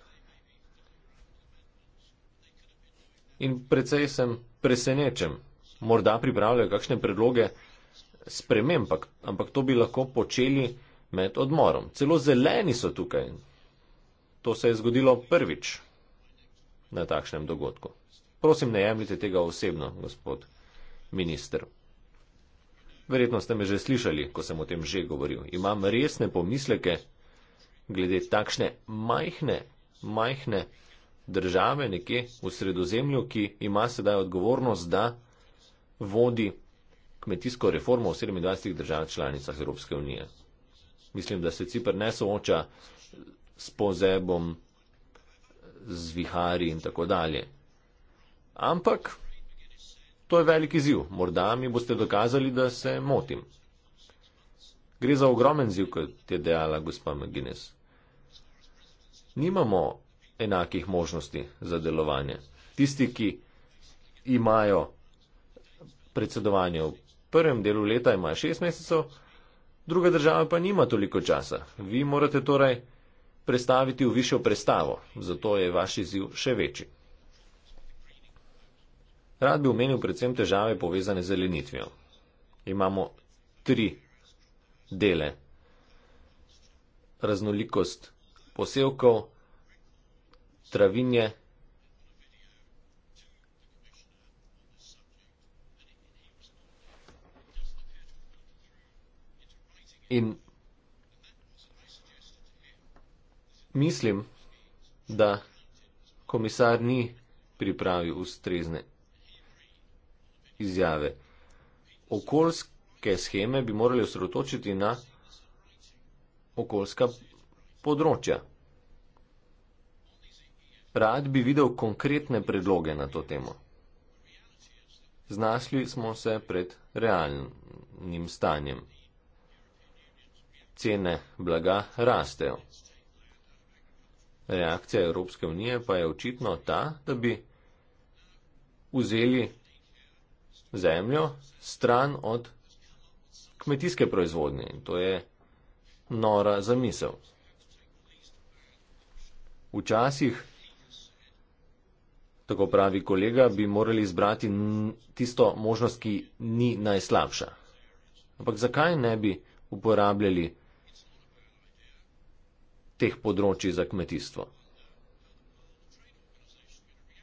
in precej sem presenečem. Morda pripravljajo kakšne predloge sprememb, ampak to bi lahko počeli med odmorom. Celo zeleni so tukaj. To se je zgodilo prvič na takšnem dogodku. Prosim, ne jemljite tega osebno, gospod minister. Verjetno ste me že slišali, ko sem o tem že govoril. Imam resne pomisleke glede takšne majhne, majhne države nekje v sredozemlju, ki ima sedaj odgovornost, da vodi kmetijsko reformo v 27 državah članicah Evropske unije. Mislim, da se Cipr ne sooča s pozebom, z vihari in tako dalje. Ampak to je velik izziv. Morda mi boste dokazali, da se motim. Gre za ogromen ziv, kot je dejala gospa McGuinness. Nimamo enakih možnosti za delovanje. Tisti, ki imajo predsedovanje v prvem delu leta, imajo šest mesecev, druga država pa nima toliko časa. Vi morate torej prestaviti v višjo prestavo, zato je vaš izziv še večji. Rad bi omenil predvsem težave povezane z zelenitvijo. Imamo tri dele. Raznolikost posevkov, travinje. In mislim, da komisar ni pripravil ustrezne izjave. Okoljske scheme bi morali osredotočiti na okoljska področja. Rad bi videl konkretne predloge na to temo. Znašli smo se pred realnim stanjem. Cene blaga rastejo. Reakcija Evropske unije pa je očitno ta, da bi vzeli zemljo stran od kmetijske proizvodnje. In to je nora zamisel. Včasih tako pravi kolega, bi morali izbrati tisto možnost, ki ni najslabša. Ampak zakaj ne bi uporabljali teh področji za kmetijstvo?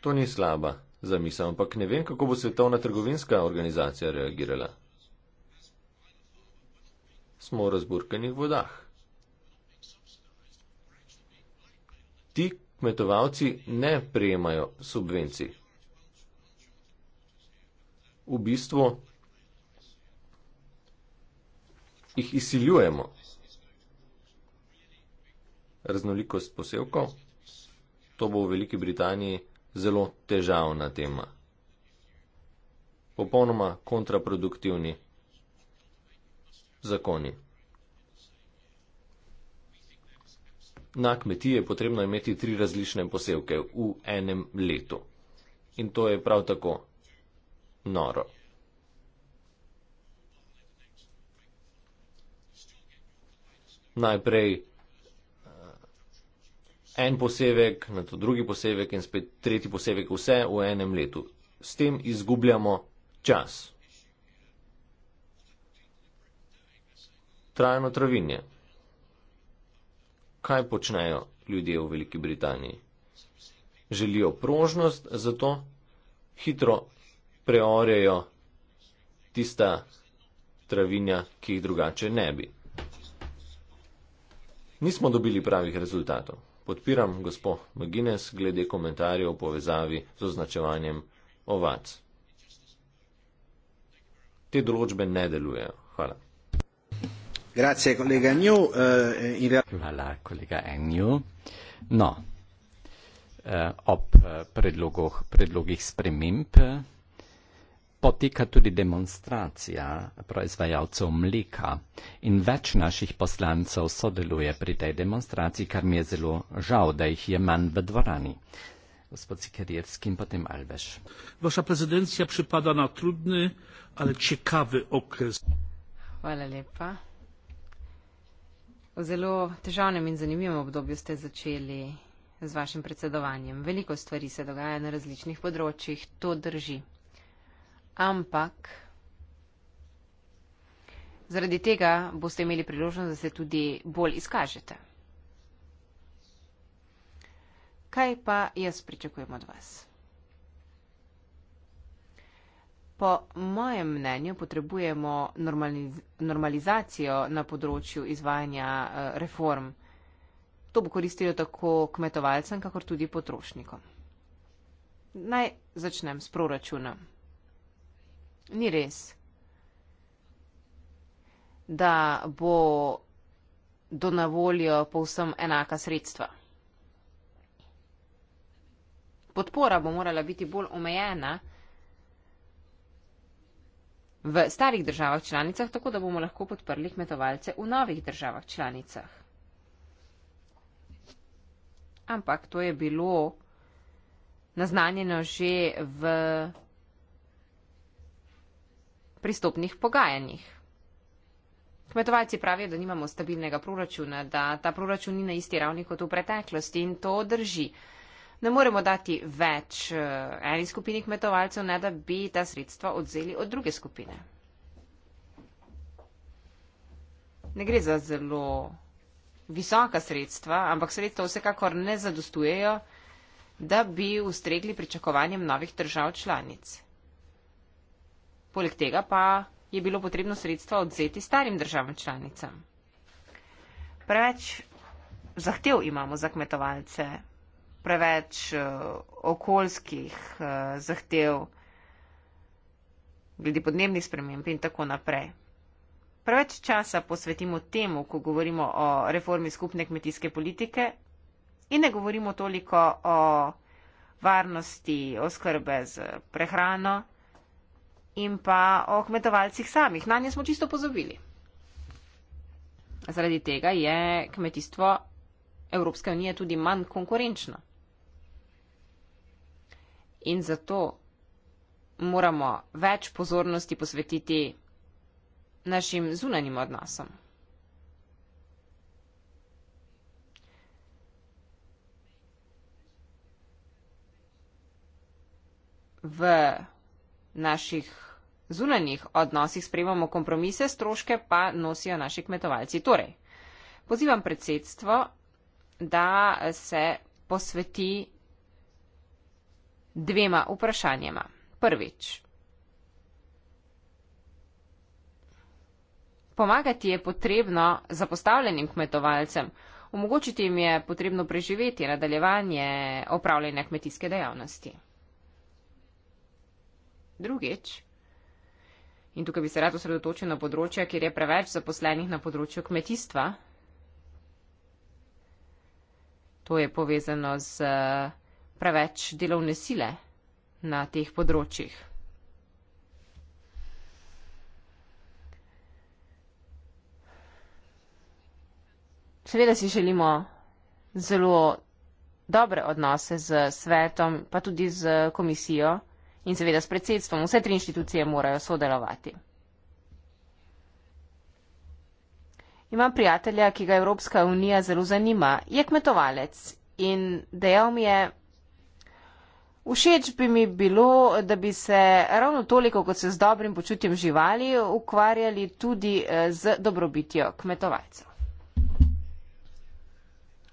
To ni slaba zamisel, ampak ne vem, kako bo svetovna trgovinska organizacija reagirala. Smo v razburkanih vodah. Tik kmetovalci ne prejemajo subvencij. V bistvu jih izsiljujemo. Raznolikost posevkov, to bo v Veliki Britaniji zelo težavna tema. Popolnoma kontraproduktivni zakoni. na kmetiji je potrebno imeti tri različne posevke v enem letu. In to je prav tako noro. Najprej eh, en posevek, nato drugi posevek in spet tretji posevek, vse v enem letu. S tem izgubljamo čas. Trajno travinje kaj počnejo ljudje v Veliki Britaniji. Želijo prožnost, zato hitro preorejo tista travinja, ki jih drugače ne bi. Nismo dobili pravih rezultatov. Podpiram gospod Magines glede komentarjev v povezavi z označevanjem ovac. Te določbe ne delujejo. Hvala. Grazie collega Agnew. Eh, in realtà... Voilà, collega Agnew. No, eh, ob eh, predlogoh, predlogih sprememb eh, poteka tudi demonstracija proizvajalcev mleka in več naših poslancev sodeluje pri tej demonstraciji, kar mi je zelo žal, da jih je manj v dvorani. Gospod Sikerjevski in potem Alves. Vaša prezidencija pripada na trudni, ali čekavi okres. Hvala lepa. V zelo težavnem in zanimivem obdobju ste začeli z vašim predsedovanjem. Veliko stvari se dogaja na različnih področjih, to drži. Ampak zaradi tega boste imeli priložnost, da se tudi bolj izkažete. Kaj pa jaz pričakujem od vas? Po mojem mnenju potrebujemo normaliz normalizacijo na področju izvajanja uh, reform. To bo koristilo tako kmetovalcem, kakor tudi potrošnikom. Naj začnem s proračunom. Ni res, da bo do na voljo povsem enaka sredstva. Podpora bo morala biti bolj omejena, v starih državah članicah, tako da bomo lahko podprli kmetovalce v novih državah članicah. Ampak to je bilo naznanjeno že v pristopnih pogajanjih. Kmetovalci pravijo, da nimamo stabilnega proračuna, da ta proračun ni na isti ravni kot v preteklosti in to drži ne moremo dati več eh, eni skupini kmetovalcev, ne da bi ta sredstva odzeli od druge skupine. Ne gre za zelo visoka sredstva, ampak sredstva vsekakor ne zadostujejo, da bi ustregli pričakovanjem novih držav članic. Poleg tega pa je bilo potrebno sredstva odzeti starim državam članicam. Preveč zahtev imamo za kmetovalce, preveč eh, okoljskih eh, zahtev glede podnebnih sprememb in tako naprej. Preveč časa posvetimo temu, ko govorimo o reformi skupne kmetijske politike in ne govorimo toliko o varnosti oskrbe z prehrano in pa o kmetovalcih samih. Na nje smo čisto pozabili. Zaradi tega je kmetijstvo Evropske unije tudi manj konkurenčno in zato moramo več pozornosti posvetiti našim zunanjim odnosom. V naših zunanjih odnosih sprejemamo kompromise, stroške pa nosijo naši kmetovalci. Torej, pozivam predsedstvo, da se posveti dvema vprašanjama. Prvič. Pomagati je potrebno zapostavljenim kmetovalcem, omogočiti jim je potrebno preživeti nadaljevanje opravljanja kmetijske dejavnosti. Drugič, in tukaj bi se rad osredotočil na področje, kjer je preveč zaposlenih na področju kmetijstva, to je povezano z preveč delovne sile na teh področjih. Seveda si želimo zelo dobre odnose z svetom, pa tudi z komisijo in seveda s predsedstvom. Vse tri inštitucije morajo sodelovati. Imam prijatelja, ki ga Evropska unija zelo zanima. Je kmetovalec in dejal mi je, Všeč bi mi bilo, da bi se ravno toliko, kot se z dobrim počutjem živali, ukvarjali tudi eh, z dobrobitjo kmetovalcev.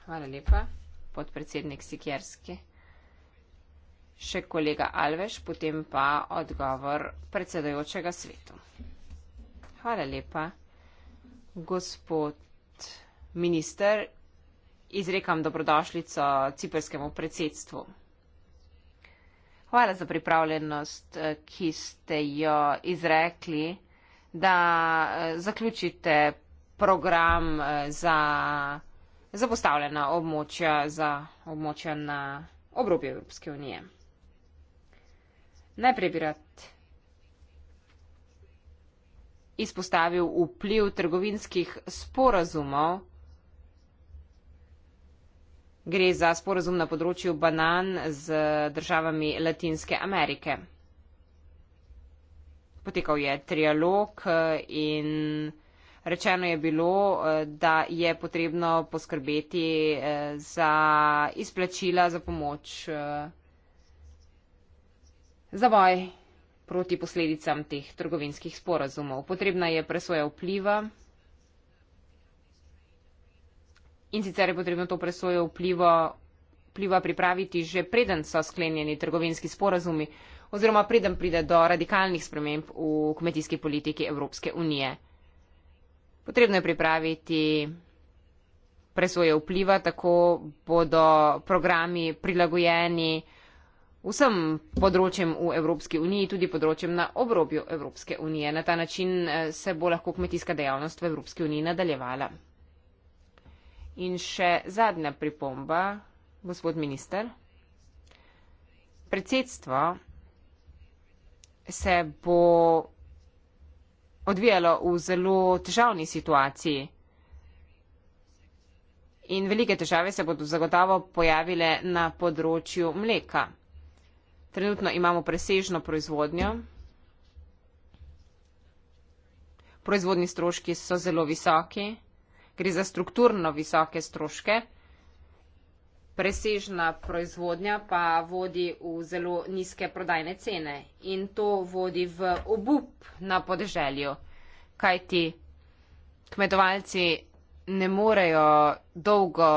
Hvala lepa, podpredsednik Sikjerski. Še kolega Alveš, potem pa odgovor predsedojočega svetu. Hvala lepa, gospod minister. Izrekam dobrodošlico ciprskemu predsedstvu. Hvala za pripravljenost, eh, ki ste jo izrekli, da eh, zaključite program eh, za zapostavljena območja za območja na obrobju Evropske unije. Najprej bi rad izpostavil vpliv trgovinskih sporazumov Gre za sporozum na področju banan z državami Latinske Amerike. Potekal je trialog in rečeno je bilo, da je potrebno poskrbeti za izplačila za pomoč za boj proti posledicam teh trgovinskih sporozumov. Potrebna je presoja vpliva. In sicer je potrebno to presojo vpliva, vpliva pripraviti že preden so sklenjeni trgovinski sporazumi oziroma preden pride do radikalnih sprememb v kmetijski politiki Evropske unije. Potrebno je pripraviti presoje vpliva, tako bodo programi prilagojeni vsem področjem v Evropski uniji, tudi področjem na obrobju Evropske unije. Na ta način eh, se bo lahko kmetijska dejavnost v Evropski uniji nadaljevala. In še zadnja pripomba, gospod minister. Predsedstvo se bo odvijalo v zelo težavni situaciji in velike težave se bodo zagotovo pojavile na področju mleka. Trenutno imamo presežno proizvodnjo, proizvodni stroški so zelo visoki gre za strukturno visoke stroške, presežna proizvodnja pa vodi v zelo nizke prodajne cene in to vodi v obup na podeželju, kajti kmetovalci ne morejo dolgo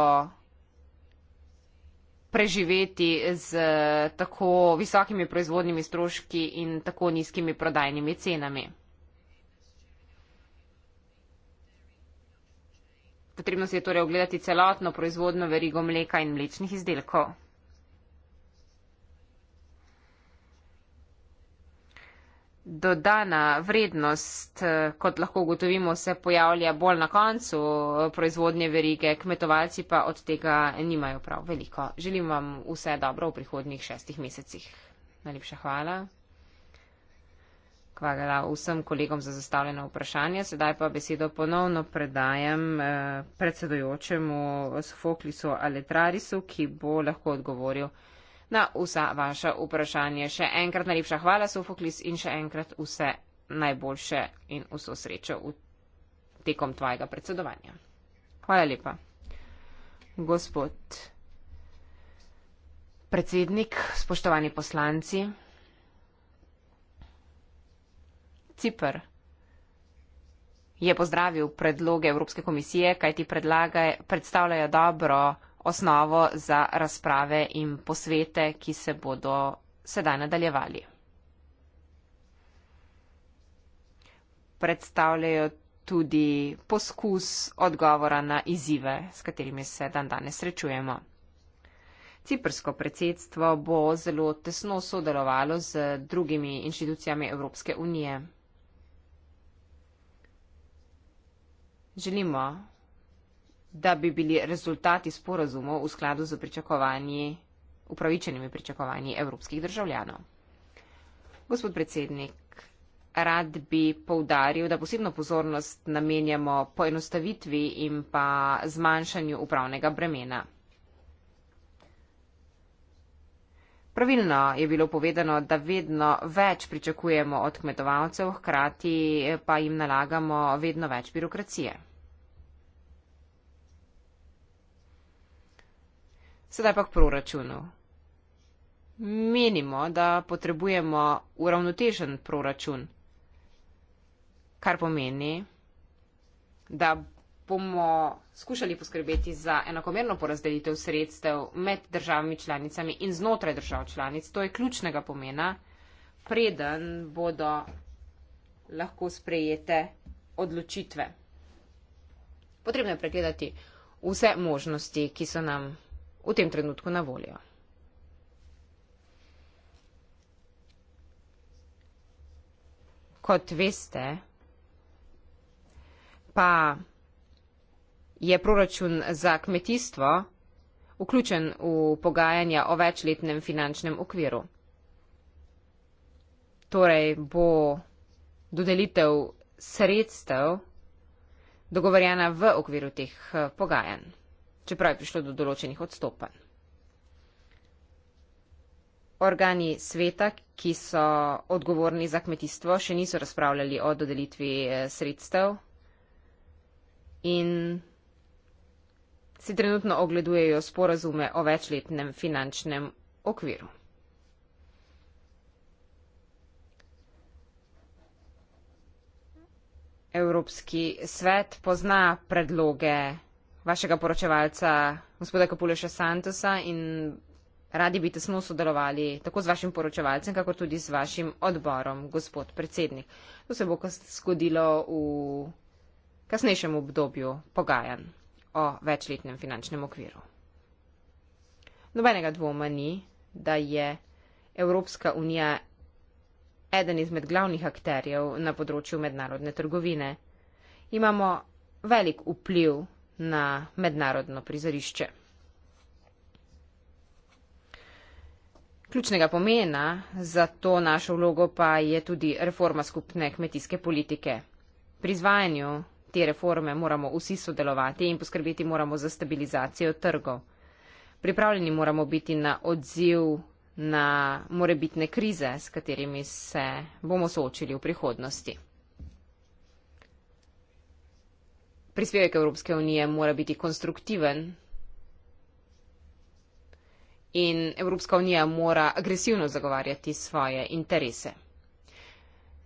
preživeti z tako visokimi proizvodnimi stroški in tako nizkimi prodajnimi cenami. Potrebno se je torej ogledati celotno proizvodno verigo mleka in mlečnih izdelkov. Dodana vrednost, kot lahko ugotovimo, se pojavlja bolj na koncu proizvodnje verige, kmetovalci pa od tega nimajo prav veliko. Želim vam vse dobro v prihodnjih šestih mesecih. Najlepša hvala. Hvala vsem kolegom za zastavljeno vprašanje. Sedaj pa besedo ponovno predajem eh, predsedojočemu Sofoklisu Aletrarisu, ki bo lahko odgovoril na vsa vaša vprašanja. Še enkrat najlepša hvala, Sofoklis, in še enkrat vse najboljše in vso srečo v tekom tvojega predsedovanja. Hvala lepa. Gospod predsednik, spoštovani poslanci. Cipr je pozdravil predloge Evropske komisije, kaj ti predstavljajo dobro osnovo za razprave in posvete, ki se bodo sedaj nadaljevali. Predstavljajo tudi poskus odgovora na izzive, s katerimi se dan danes srečujemo. Ciprsko predsedstvo bo zelo tesno sodelovalo z drugimi inštitucijami Evropske unije. Želimo, da bi bili rezultati sporazumov v skladu z pričakovanji, upravičenimi pričakovanji evropskih državljanov. Gospod predsednik, rad bi poudaril, da posebno pozornost namenjamo poenostavitvi in pa zmanjšanju upravnega bremena. Pravilno je bilo povedano, da vedno več pričakujemo od kmetovalcev, hkrati pa jim nalagamo vedno več birokracije. Sedaj pa k proračunu. Menimo, da potrebujemo uravnotežen proračun, kar pomeni, da bomo skušali poskrbeti za enakomerno porazdelitev sredstev med državami članicami in znotraj držav članic. To je ključnega pomena, preden bodo lahko sprejete odločitve. Potrebno je pregledati vse možnosti, ki so nam v tem trenutku na voljo. Kot veste, pa je proračun za kmetijstvo vključen v pogajanja o večletnem finančnem okviru. Torej bo dodelitev sredstev dogovorjena v okviru teh eh, pogajanj, čeprav je prišlo do določenih odstopanj. Organi sveta, ki so odgovorni za kmetijstvo, še niso razpravljali o dodelitvi eh, sredstev in si trenutno ogledujejo sporazume o večletnem finančnem okviru. Evropski svet pozna predloge vašega poročevalca, gospoda Kapuleša Santosa, in radi bi tesno sodelovali tako z vašim poročevalcem, kako tudi z vašim odborom, gospod predsednik. To se bo zgodilo v kasnejšem obdobju pogajanj o večletnem finančnem okviru. Nobenega dvoma ni, da je Evropska unija eden izmed glavnih akterjev na področju mednarodne trgovine. Imamo velik vpliv na mednarodno prizorišče. Ključnega pomena za to našo vlogo pa je tudi reforma skupne kmetijske politike. Pri izvajanju te reforme moramo vsi sodelovati in poskrbeti moramo za stabilizacijo trgov. Pripravljeni moramo biti na odziv na morebitne krize, s katerimi se bomo soočili v prihodnosti. Prispevek Evropske unije mora biti konstruktiven in Evropska unija mora agresivno zagovarjati svoje interese.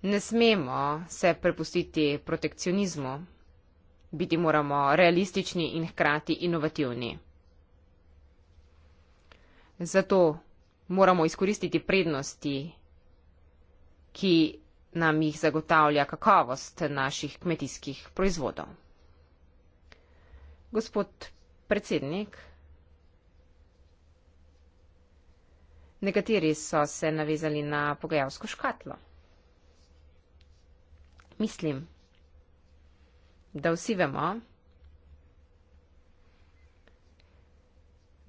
Ne smemo se prepustiti protekcionizmu biti moramo realistični in hkrati inovativni. Zato moramo izkoristiti prednosti, ki nam jih zagotavlja kakovost naših kmetijskih proizvodov. Gospod predsednik, nekateri so se navezali na pogajalsko škatlo. Mislim, da vsi vemo,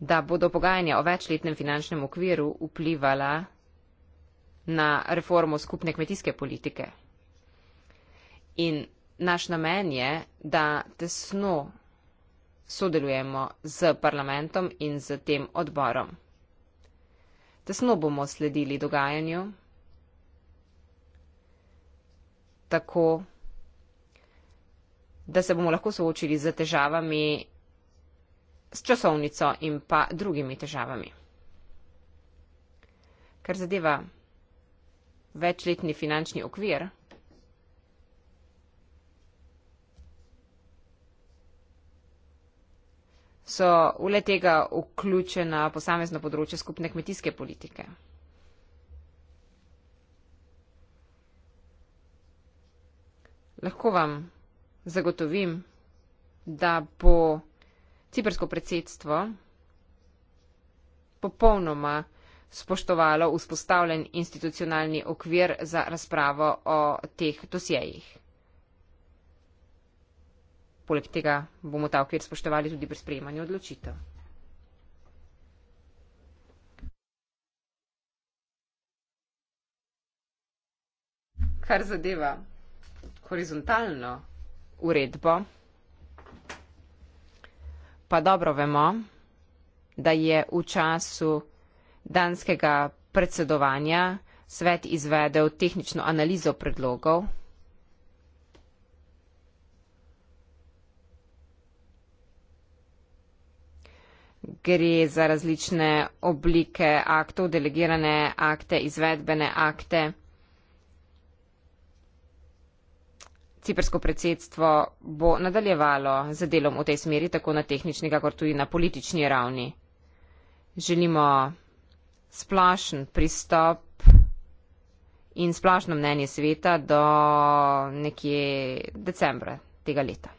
da bodo pogajanja o večletnem finančnem okviru vplivala na reformo skupne kmetijske politike. In naš namen je, da tesno sodelujemo z parlamentom in z tem odborom. Tesno bomo sledili dogajanju, tako da se bomo lahko soočili z težavami, s časovnico in pa drugimi težavami. Kar zadeva večletni finančni okvir, so v le tega vključena posamezna področja skupne kmetijske politike. Lahko vam zagotovim, da bo ciprsko predsedstvo popolnoma spoštovalo vzpostavljen institucionalni okvir za razpravo o teh dosjejih. Poleg tega bomo ta okvir spoštovali tudi pri sprejemanju odločitev. Kar zadeva horizontalno uredbo, pa dobro vemo, da je v času danskega predsedovanja svet izvedel tehnično analizo predlogov. Gre za različne oblike aktov, delegirane akte, izvedbene akte. Ciprsko predsedstvo bo nadaljevalo z delom v tej smeri, tako na tehnični, kakor tudi na politični ravni. Želimo splošen pristop in splošno mnenje sveta do nekje decembra tega leta.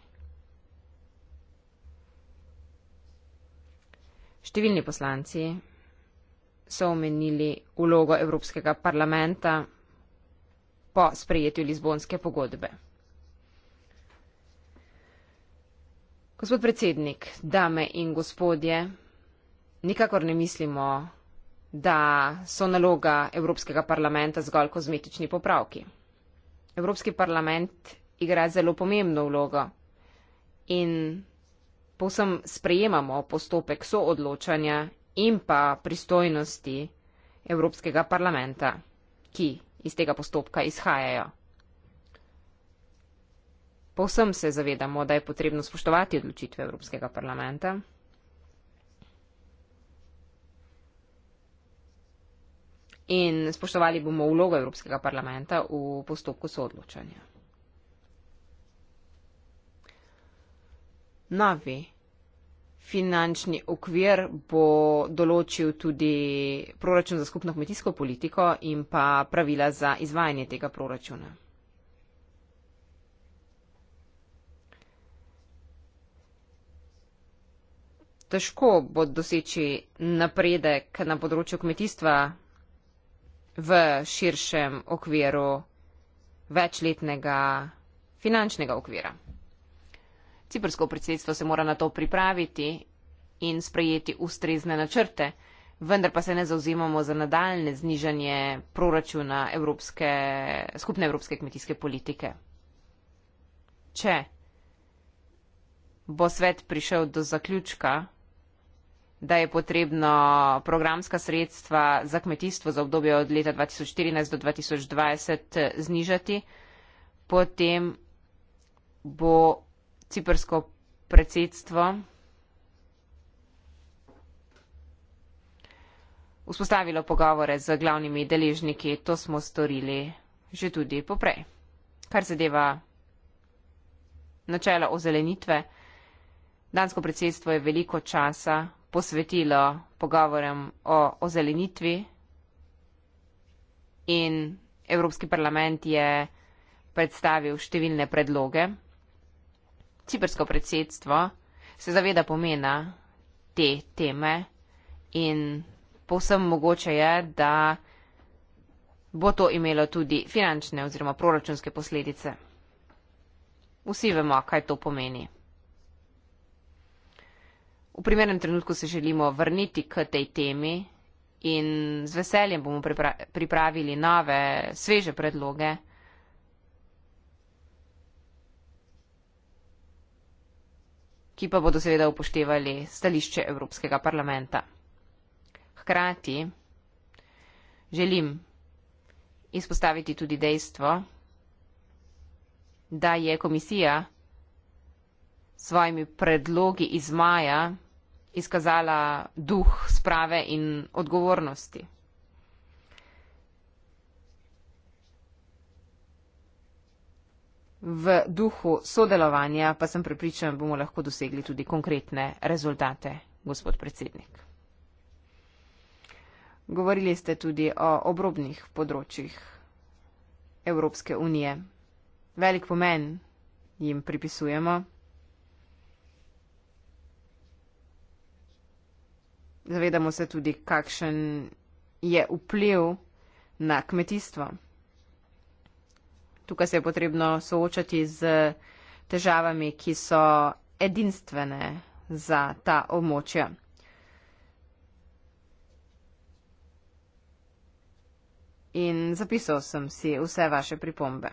Številni poslanci so omenili vlogo Evropskega parlamenta po sprejetju Lizbonske pogodbe. Gospod predsednik, dame in gospodje, nikakor ne mislimo, da so naloga Evropskega parlamenta zgolj kozmetični popravki. Evropski parlament igra zelo pomembno vlogo in povsem sprejemamo postopek soodločanja in pa pristojnosti Evropskega parlamenta, ki iz tega postopka izhajajo. Povsem se zavedamo, da je potrebno spoštovati odločitve Evropskega parlamenta. In spoštovali bomo vlogo Evropskega parlamenta v postopku soodločanja. Novi finančni okvir bo določil tudi proračun za skupno kmetijsko politiko in pa pravila za izvajanje tega proračuna. težko bo doseči napredek na področju kmetijstva v širšem okviru večletnega finančnega okvira. Ciprsko predsedstvo se mora na to pripraviti in sprejeti ustrezne načrte, vendar pa se ne zauzemamo za nadaljne znižanje proračuna Evropske, skupne Evropske kmetijske politike. Če bo svet prišel do zaključka, da je potrebno programska sredstva za kmetijstvo za obdobje od leta 2014 do 2020 znižati, potem bo ciprsko predsedstvo vzpostavilo pogovore z glavnimi deležniki. To smo storili že tudi poprej. Kar zadeva načela ozelenitve, dansko predsedstvo je veliko časa posvetilo pogovorem o ozelenitvi in Evropski parlament je predstavil številne predloge. Cipersko predsedstvo se zaveda pomena te teme in povsem mogoče je, da bo to imelo tudi finančne oziroma proračunske posledice. Vsi vemo, kaj to pomeni v primernem trenutku se želimo vrniti k tej temi in z veseljem bomo pripra pripravili nove, sveže predloge. ki pa bodo seveda upoštevali stališče Evropskega parlamenta. Hkrati želim izpostaviti tudi dejstvo, da je komisija svojimi predlogi iz maja izkazala duh sprave in odgovornosti. V duhu sodelovanja pa sem prepričan, bomo lahko dosegli tudi konkretne rezultate, gospod predsednik. Govorili ste tudi o obrobnih področjih Evropske unije. Velik pomen jim pripisujemo. zavedamo se tudi, kakšen je vpliv na kmetijstvo. Tukaj se je potrebno soočati z težavami, ki so edinstvene za ta območja. In zapisal sem si vse vaše pripombe.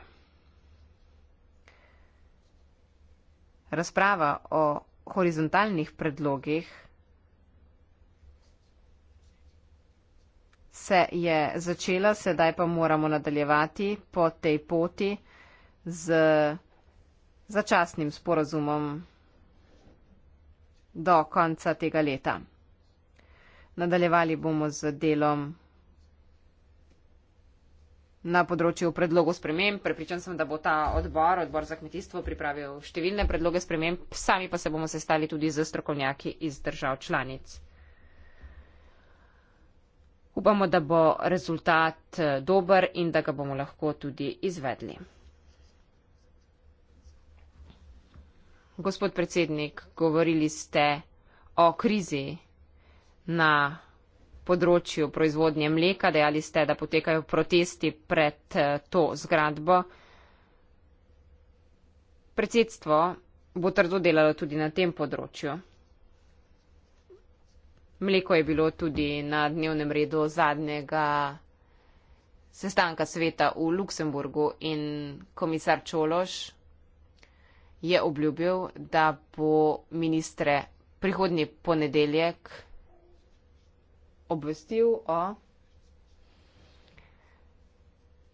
Razprava o horizontalnih predlogih se je začela, sedaj pa moramo nadaljevati po tej poti z začasnim sporazumom do konca tega leta. Nadaljevali bomo z delom na področju predlogov sprememb. Prepričan sem, da bo ta odbor, odbor za kmetijstvo, pripravil številne predloge sprememb, sami pa se bomo sestali tudi z strokovnjaki iz držav članic. Upamo, da bo rezultat eh, dober in da ga bomo lahko tudi izvedli. Gospod predsednik, govorili ste o krizi na področju proizvodnje mleka, dejali ste, da potekajo protesti pred eh, to zgradbo. Predsedstvo bo trdo delalo tudi na tem področju. Mleko je bilo tudi na dnevnem redu zadnjega sestanka sveta v Luksemburgu in komisar Čološ je obljubil, da bo ministre prihodnji ponedeljek obvestil o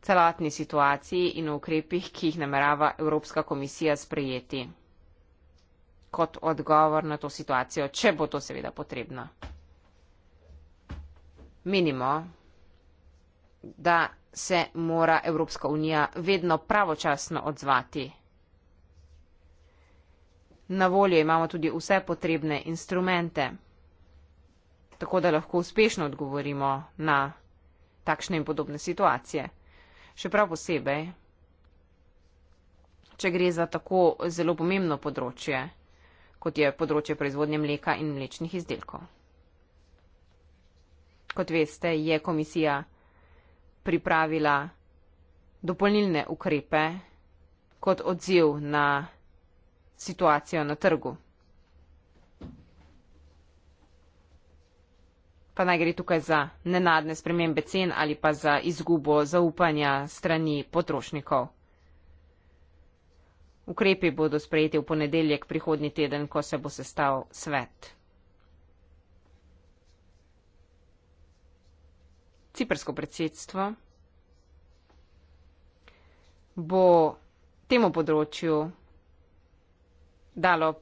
celotni situaciji in ukrepih, ki jih namerava Evropska komisija sprejeti kot odgovor na to situacijo, če bo to seveda potrebno. Menimo, da se mora Evropska unija vedno pravočasno odzvati. Na voljo imamo tudi vse potrebne instrumente, tako da lahko uspešno odgovorimo na takšne in podobne situacije. Še prav posebej, če gre za tako zelo pomembno področje kot je področje proizvodnje mleka in mlečnih izdelkov. Kot veste, je komisija pripravila dopolnilne ukrepe kot odziv na situacijo na trgu. Pa naj gre tukaj za nenadne spremembe cen ali pa za izgubo zaupanja strani potrošnikov. Ukrepi bodo sprejeti v ponedeljek prihodnji teden, ko se bo sestal svet. Ciprsko predsedstvo bo temu področju dalo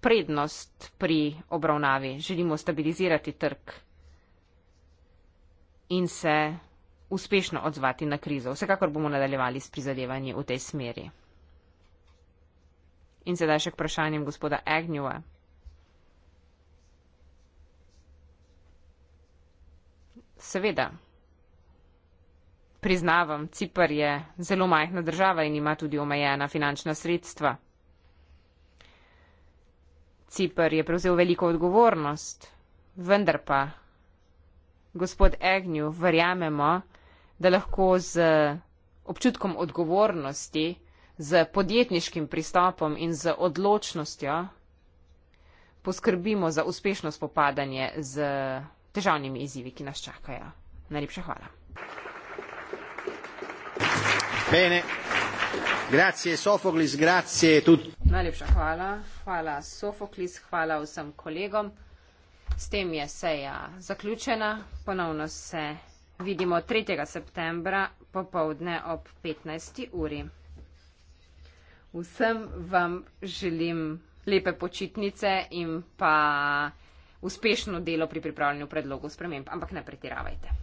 prednost pri obravnavi. Želimo stabilizirati trg in se uspešno odzvati na krizo. Vsekakor bomo nadaljevali s prizadevanji v tej smeri. In sedaj še k vprašanjem gospoda Agnjova. Seveda, priznavam, Cipr je zelo majhna država in ima tudi omejena finančna sredstva. Cipr je prevzel veliko odgovornost, vendar pa, gospod Agnjov, verjamemo, da lahko z občutkom odgovornosti z podjetniškim pristopom in z odločnostjo poskrbimo za uspešno spopadanje z težavnimi izzivi, ki nas čakajo. Najlepša hvala. Bene. Grazie Sofoklis, grazie tut... Najlepša hvala. Hvala Sofoklis, hvala vsem kolegom. S tem je seja zaključena. Ponovno se vidimo 3. septembra popovdne ob 15. uri. Vsem vam želim lepe počitnice in pa uspešno delo pri pripravljanju predlogov sprememb, ampak ne pretiravajte.